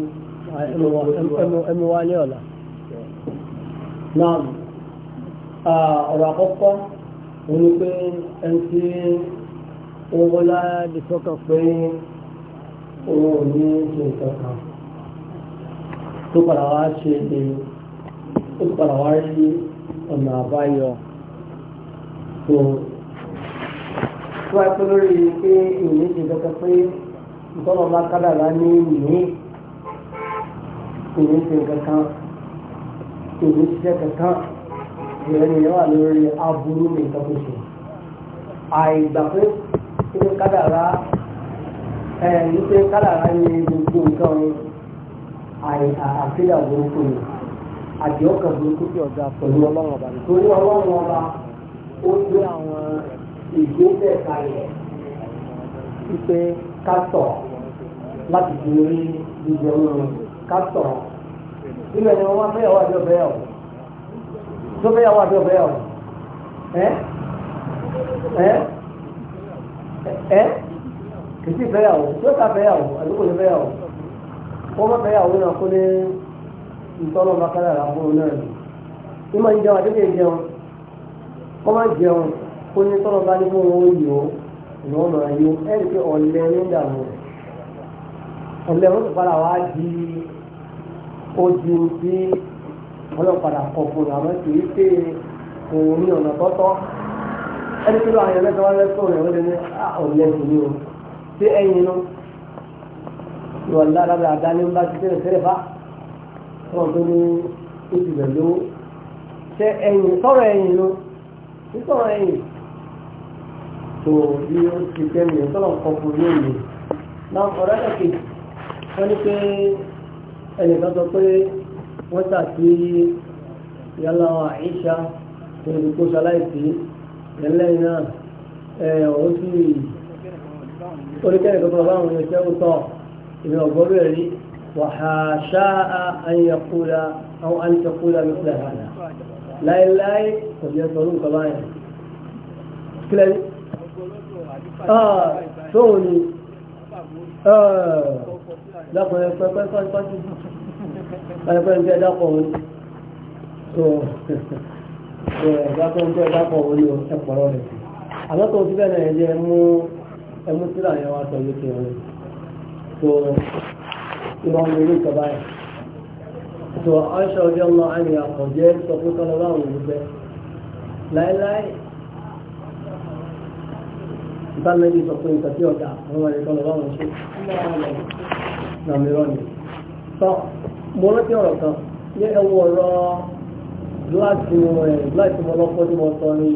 ẹmu wa ní ọ̀la. náà ọ̀rọ̀ àkọ́kọ́ òun pé ẹni tí ó wọlá di pé òun ní ṣe nǹkan tó padà wá ṣe èdè ó padà wá rí ọ̀nà àbáyọ bá pé lórí pé ìròyìn ti kankan pé ìtọ́nà bá kádàrá ní ìní ìròyìn ti kankan ìròyìn ti kankan ìròyìn ni wà lórí aburú ní nǹkan tó ṣe àìgbà pé pé kádàrá ẹ̀ ní pé kádàrá ní gbogbo nǹkan àìkídà burúkú ni àdìọ́kà burúkú tí ọ̀gá pẹ̀lú ọlọ́run ọba nítorí ọlọ́run ọba ó gbé àwọn ìgbésẹ̀ kalẹ̀ wípé kásọ̀ láti fi rí jíjẹ oorun kásọ̀ nígbà ni wọ́n fẹ́ yàwó àjọ bẹ́ẹ̀ ọ̀ tó fẹ́ yàwó àjọ bẹ́ẹ̀ ọ̀ ẹ́ ẹ́ ẹ́ kìsì fẹ́ yàwó tó fẹ́ yàwó àdúgbò fẹ́ yàwó wọ́n fẹ́ yàwó náà kó ní ntọ́nà bàkàrà àbúrò náà ni ìmọ̀ ìjẹun àdúgbò ìjẹun kọ́ má jẹun ó ní tọ́lọ̀ bá ní fún wọn ó yọ ìlú ọ̀nà ayọ̀ ẹ̀rì pé ọ̀lẹ́ ní ìdààmú rẹ̀ ọ̀lẹ́ wọn ti padà wá di odi tí ọlọ́padà kọ̀ fún un àmọ́ kì í pé òun ní ọ̀nà tọ́tọ́ ẹni tí ló àyàn mẹ́ta wá lẹ́sọ̀ rẹ̀ ó lè ní ọ̀lẹ́ sí ni o ṣé ẹ̀yin nu ìwà lára àdáni ń bá ti tẹ́lẹ̀ tẹ́lẹ̀ bá wọn tó ní oṣù lówó ṣé ẹ̀yin sọ̀rọ̀ ẹ̀yin nu sísọ̀rọ̀ ẹ̀yin tó bí ó ti jẹ́ mi tọ́lọ̀ kan fún mi òye náà ọ̀rẹ́ ẹ̀kì wọ́n ní pé ẹnìkan sọ pé wọ́n tàbí yálà àìṣà tó ní kó ṣaláìsí ẹlẹ́yìn náà ẹ̀ ọ̀hún sí oríkẹ́rì kankan báwọn èèyàn jẹ́ òótọ́ ìrìn kò jẹ́ sọ lóǹkà báyìí kílẹ̀ Ah, tóò ah, ni lọ́kùnrin pẹ́pẹ́ pọ́jú pẹ́pẹ́ ń jẹ́ dápọ̀ wọn so dápọ̀ jẹ́ dápọ̀ wọn ẹ̀pọ̀rọ̀ rẹ̀ àlọ́kọ̀ òfin bẹ́ẹ̀ náà ẹmú sílà yẹn wá sọ lókè wọn so ìwọ̀n mi ìjọba yẹn so aṣọ ọjọ́ ńlá àyè àkọ́jẹ́ sọ pé kọ́lọ́ láwọn òwúgbẹ́ láéláé ìbánilẹ́bí sọ pé nǹkan tí ọ̀dà àwọn ọmọ ẹ̀kọ́ lọ́wọ́ wọn ṣe nàmìíràn ni. sọ mo rántí ọ̀rọ̀ kan ní ẹwọ ọ̀rọ̀ gíláàsì rẹ̀ gíláàsì mo lọ́pọ̀ tí mo sọ ni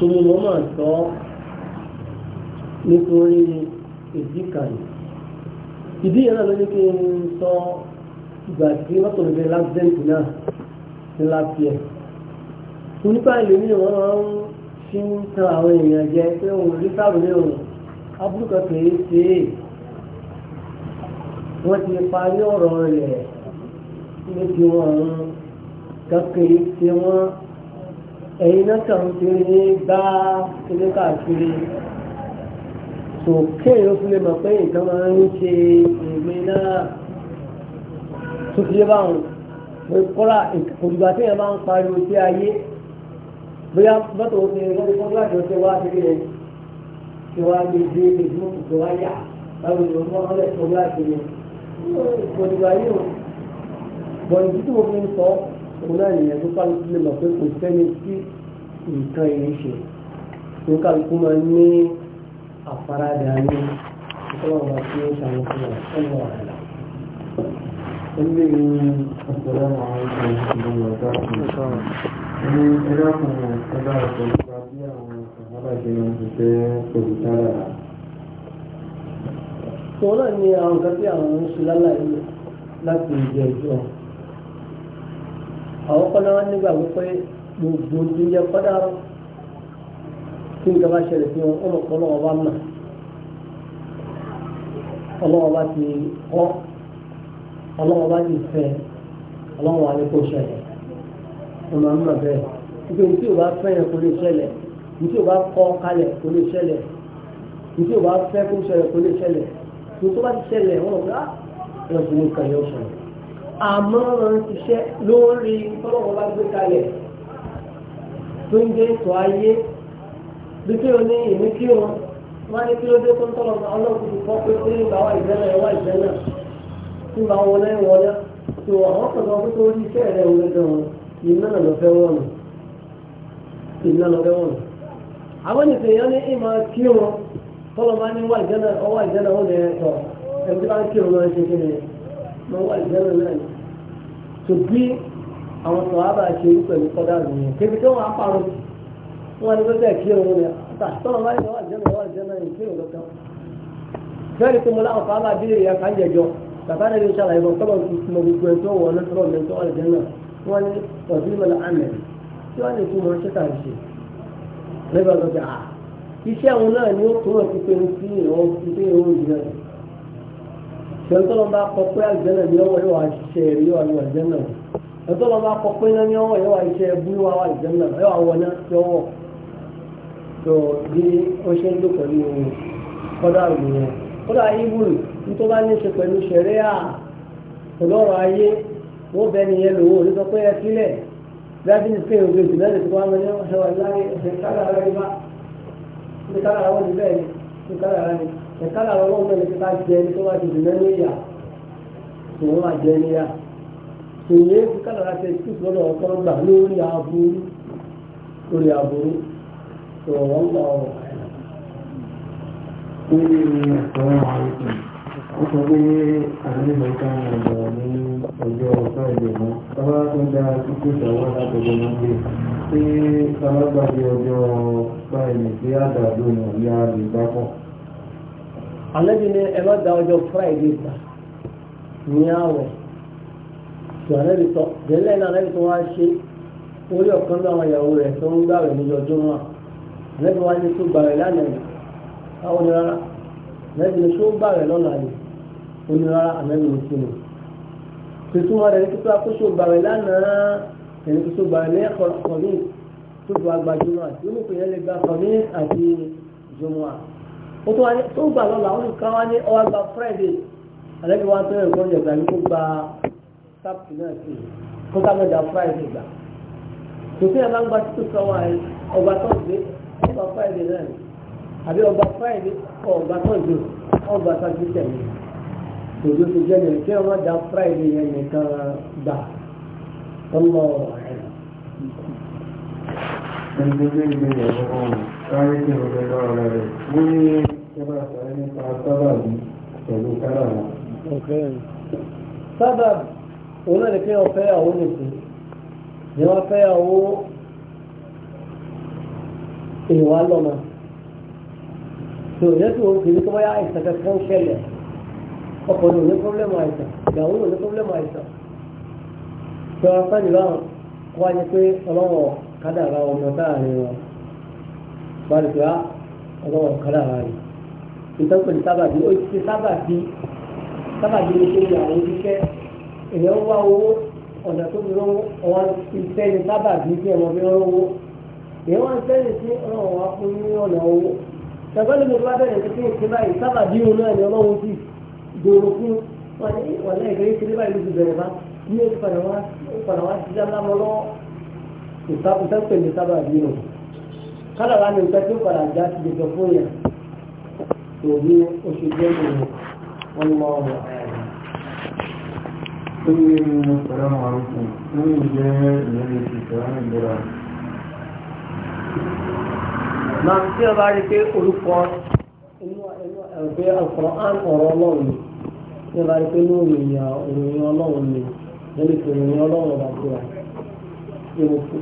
tòun mo máa sọ nítorí èdè kan ìdí yẹn náà ló ní kí n sọ ìgbà tí wọ́n tó lè bẹ̀rẹ̀ láti dẹ́ǹtì náà ní láti ẹ̀. onípa ìlú mi ni wọ́n tí ń tan àwọn èèyàn jẹ pé òun rí sàrùlé òun abúlùkọ kìí ṣe é wọ́n ti parí ọ̀rọ̀ rẹ̀ ní ti wọn ọ̀run kankan ṣe wọ́n ẹ̀yin náà kàn ń kiri ní gbá kílé káàkiri sòkè ló fi lè mọ̀ pé nǹkan máa ń ṣe èmi náà tó fi lé báwọn kọ́lá òdìgbà tí yẹn máa ń pariwo sí ayé bóyá mọ́tò ní ẹgbẹ́ kọ́ńtàkì ọ̀sẹ̀ wá sí ilé tí wàá gbé dé ìlú tó wá yà báwo ni wọ́n mọ́lẹ̀ tó wá sí ilé kò ní wáyé o bọ̀n ìdí tí mo fi ń sọ òun náà nìyẹn tó kálukú lè mọ̀ pé kò sẹ́ni tí nǹkan yìí ṣe tó kálukú máa ń ní àfaradà ní ìtọ́wọ́n bá tí ó ṣàwọn fún wọn ẹnu ọ̀rẹ́là. Ẹni lè ní ọ̀pọ̀lọpọ̀ àwọn ọmọ ìgbìmọ̀ ní ẹlẹ́kùnrin ẹgbẹ́ ọ̀pọ̀ nípa bí àwọn àbábàjẹ́ máa ń ṣiṣẹ́ pẹ̀lú sára. wọn náà ní àwọn nǹkan tí àwọn ń ṣe láláyé láti ìjẹ ìjọ àwọn kọ́nà wọn nígbà wípé gbogbo ti yẹ kọ́dà tí nǹkan bá ṣẹlẹ̀ sí wọn ọmọkùnrin náà wà mà ọlọ́wọ́ bá ti kọ́ ọlọ́wọ́ bá ti fẹ́ ọlọ́wọ́ wa ní kó ṣẹlẹ̀ ọmọ ọmọ bẹ́ẹ̀ nítorí ohun tí o bá fẹ́ yẹn kò lè ṣẹlẹ̀ ohun tí o bá kọ́ kalẹ̀ kò lè ṣẹlẹ̀ ohun tí o bá fẹ́ kó ṣẹlẹ̀ kò lè ṣẹlẹ̀ ohun tó bá ti ṣẹlẹ̀ wọn ò gbá ah, ẹ̀rọ kò ní kàn yọ sọ̀rọ̀ àmọ́ wọn ti ṣẹ́ lórí tọ́lọ́wọ́ bá gbé kalẹ̀ tó ń gbé ètò ayé bí kí o ní ìní kí o wọ́n ní kí tó ń tọ́lọ́ ọlọ́run kọ́ pé ó ní ìbáwá ìfẹ́ náà ẹ̀wá ìfẹ́ náà tí ìbáwọ́ náà wọlé tó àwọn kọ̀ọ̀kan tó rí iṣẹ́ rẹ̀ wọlé gan-an iná lọ fẹ́ wọ̀n nù iná lọ fẹ́ wọ̀n nù. àwọn nìkan yẹn ní ìmọ̀ kí wọn tọ́lọ̀ máa ní wà ìjẹ́nà ọwọ́ ìjẹ́nà wọn lè tọ̀ ẹ̀mí bá ń kí wọn ṣe kí ni wọn wà ìjẹ́nà náà ni. tó bí àwọn sọ̀hábà ṣe ń pẹ̀lú kọ́dà nìyẹn kébi tí wọ́n á wọn ni pẹ́ẹ́ kí wọn ni tọ́lọ̀ máa ní wà ìjẹ́nà wà ìjẹ́nà ni kí wọn lọ́kàn. fẹ́ẹ́rì tó mo láwọn sọ̀hábà bí ìyá kan jẹjọ bàbá náà yóò ṣàlàyé bọ́ tọ́lọ̀ mọ gbogbo ẹ̀ tó wọ̀ ọ́ wọ́n ní ọ̀dún ìmọ̀lá àmì tí wọ́n lè tún mọ iṣẹ́ tà ń ṣe lẹ́gbàá lọ́jà á iṣẹ́ àwọn náà ni ó tó wọ̀ pípé ní sí ìrànwọ́ pípé ìrànwọ́ ìjìnlẹ̀ rẹ̀ ṣùgbọ́n tó lọ bá kọ pé àjẹ́nà ni ọwọ́ yóò wá ṣiṣẹ́ rí wà ní àjẹ́nà rẹ̀ bá kọ pé náà ni ọwọ́ yóò wá iṣẹ́ bú wá wà àjẹ́nà rẹ̀ yóò wọ náà tí ọwọ́ tó bí ó ṣe ń lò pẹ̀lú kọ́dà ìròyìn kọ́dà ìwúrù ní tó bá ní ṣe pẹ̀lú ṣẹ̀rẹ́ à pẹ̀lú ọ̀rọ̀ ayé wọ́n bẹ nìyẹn lò ó ní sọ pé ẹ sílẹ̀ dájú ní pé òwe jù lẹ́yìn tó wá lọ ní ọ̀ṣẹ́ wà láyé ẹ̀ṣẹ̀ kálà rẹ̀ ní bá ní kálà rẹ̀ wọ́n ní bẹ́ẹ̀ ní kálà rẹ̀ ní ẹ̀ kálà rẹ̀ wọ́n mẹ́rin ká jẹ ní tó wá ti dùn lẹ́nu ìyà tó wọ́n máa jẹ níyà tó yẹ kí kálà rẹ̀ ṣe kí ìfọ̀lọ́ ọkọ̀ gbà lórí aburú lórí aburú tó wọ́n gbà ọ̀ ó sọ pé àdínlẹ̀ ká ọ̀rọ̀ ní ọjọ́ friday mọ́ bàbá tó dá títí ìdáwọ́ látọjọ́ monday pé bàbá gbàgbé ọjọ́ friday pé àdàdo nà ya lè bá pọ̀. ni ẹ má da ọjọ́ friday gbà ní àwẹ̀ tó àlejò sọ délẹ̀ náà àlejò tó wá ṣe orí ọ̀kan náà àwọn ìyàwó rẹ̀ tó ń gbàwẹ̀ ní ọjọ́ náà àlejò wá ní tó gbàwẹ̀ lánàá àwọn ìrara lẹ́yìn tó gbàwẹ̀ lọ́la yìí onírárá àmẹ́rin ló kí ni tuntun wọn rẹ̀ ní kíkọ́ akóso gbàrẹ̀ lánàá ẹni kíkọ́ gbàrẹ̀ ní ẹ̀kọ́ kọ̀mí tó gba gba jùmọ̀ àti oníkùn yẹn lè gba kọ̀mí àti jùmọ̀ à ó tó wá ní tó gbà lọ́la ó ní ká wá ní ọwọ́ gba friday àlẹ́bí wá tó ẹ̀kọ́ ní ẹ̀gbà ní kó gba sáptì náà sí kó ká mẹ́ta friday gbà tuntun yẹn máa ń gba títí sọ wọn ọgbà tó gbé ọgbà friday náà àbí ọgbà friday ọgbà tó gbé ọgbà tó gbé tẹ̀lé tòló ti jẹ́ nìyẹn kí wọ́n da friday yẹn nìkan gbà tọ́lọ̀ ẹ̀. ẹni tó gbé ìgbé yẹn lọ́wọ́ mi káyé kí n lè lọ́rọ̀ rẹ̀ wọ́n ní ẹgbẹ́ àtàrà nípa sábàbí pẹ̀lú káràmà. sábàbí òun náà ni pé wọ́n fẹ́ àwọn nìkan ni wọ́n fẹ́ àwọn èèwà lọ́mọ. tòun yẹn tó ń kiri tó bá yá ìsàkẹ́kẹ́ ń ṣẹlẹ̀ ọkùnrin ò ní pọ́blẹ́mù àìsàn ìyàwó ò ní pọ́blẹ́mù àìsàn tí wọ́n fẹ́ nílò àwọn kó wáyé pé ọlọ́wọ́ kádàrá ọmọ sáàárín wọn wá lè fi wá ọlọ́wọ́ kádàrá rẹ̀ ìtọ́pẹ̀ ní sábàbí ó ti sábàbí sábàbí ní ṣe ìyàwó ṣiṣẹ́ èèyàn wá owó ọ̀nà tó fi rọ́wọ́ ọ̀wá iṣẹ́ ní sábàbí tí ẹ̀wọ̀n fi rọ́wọ́ èèyàn wá ń sẹ́yìn sí ọlọ́wọ́ wá fún ní ọ̀nà owó gbòòrò fún wàlẹ́ ìgbẹ́ ìṣeré báyìí ló ti bẹ̀rẹ̀ bá ní oṣù padà wá padà wá ti dáná lọ ìtàkùtà pẹ̀lú sábà bí nù kálá wa ni nǹkan tó padà já ti dèjọ fún yà tó bí oṣù jẹ́ ìrìn wọn ni wọ́n wọ̀ Ṣé ní Ṣàlámù Arúkú, ṣé ní ìjẹ́ ìrìn ti Ṣàlámù ìjọra? Màá tí ọba rí pé orúkọ inú ẹgbẹ́ Al-Qur'an ọ̀rọ̀ Ọlọ́run ní bá rí pé ní ọlọ́run ni wọ́n lè ọlọ́run ọba sí wa ní mo fi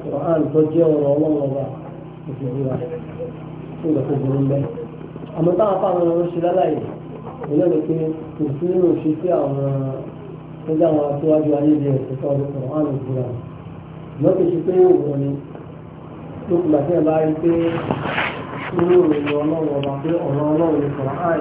jẹ́ ọ̀rọ̀ ọlọ́run ọba ìṣèlú wa fún ìgbà tó burú bẹ́ẹ̀. àmọ́ táwọn afáàmì ọ̀rọ̀ ṣe láláyè ìlú ẹ̀rọ pé kò sí nínú òṣì sí àwọn tó àwọn aṣíwájú ayé ilé ẹ̀sìn tó ọdún Quran ìṣúra ìmọ̀ kò sí pé òwò ni lókùnbà tí ẹ bá rí pé nínú òròyìn ọlọ́run ọba pé ọ̀rọ̀ ọlọ́run ni Quran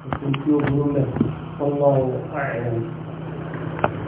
kò sí tí ó burú mẹ́ ọlọ́run àìrìn.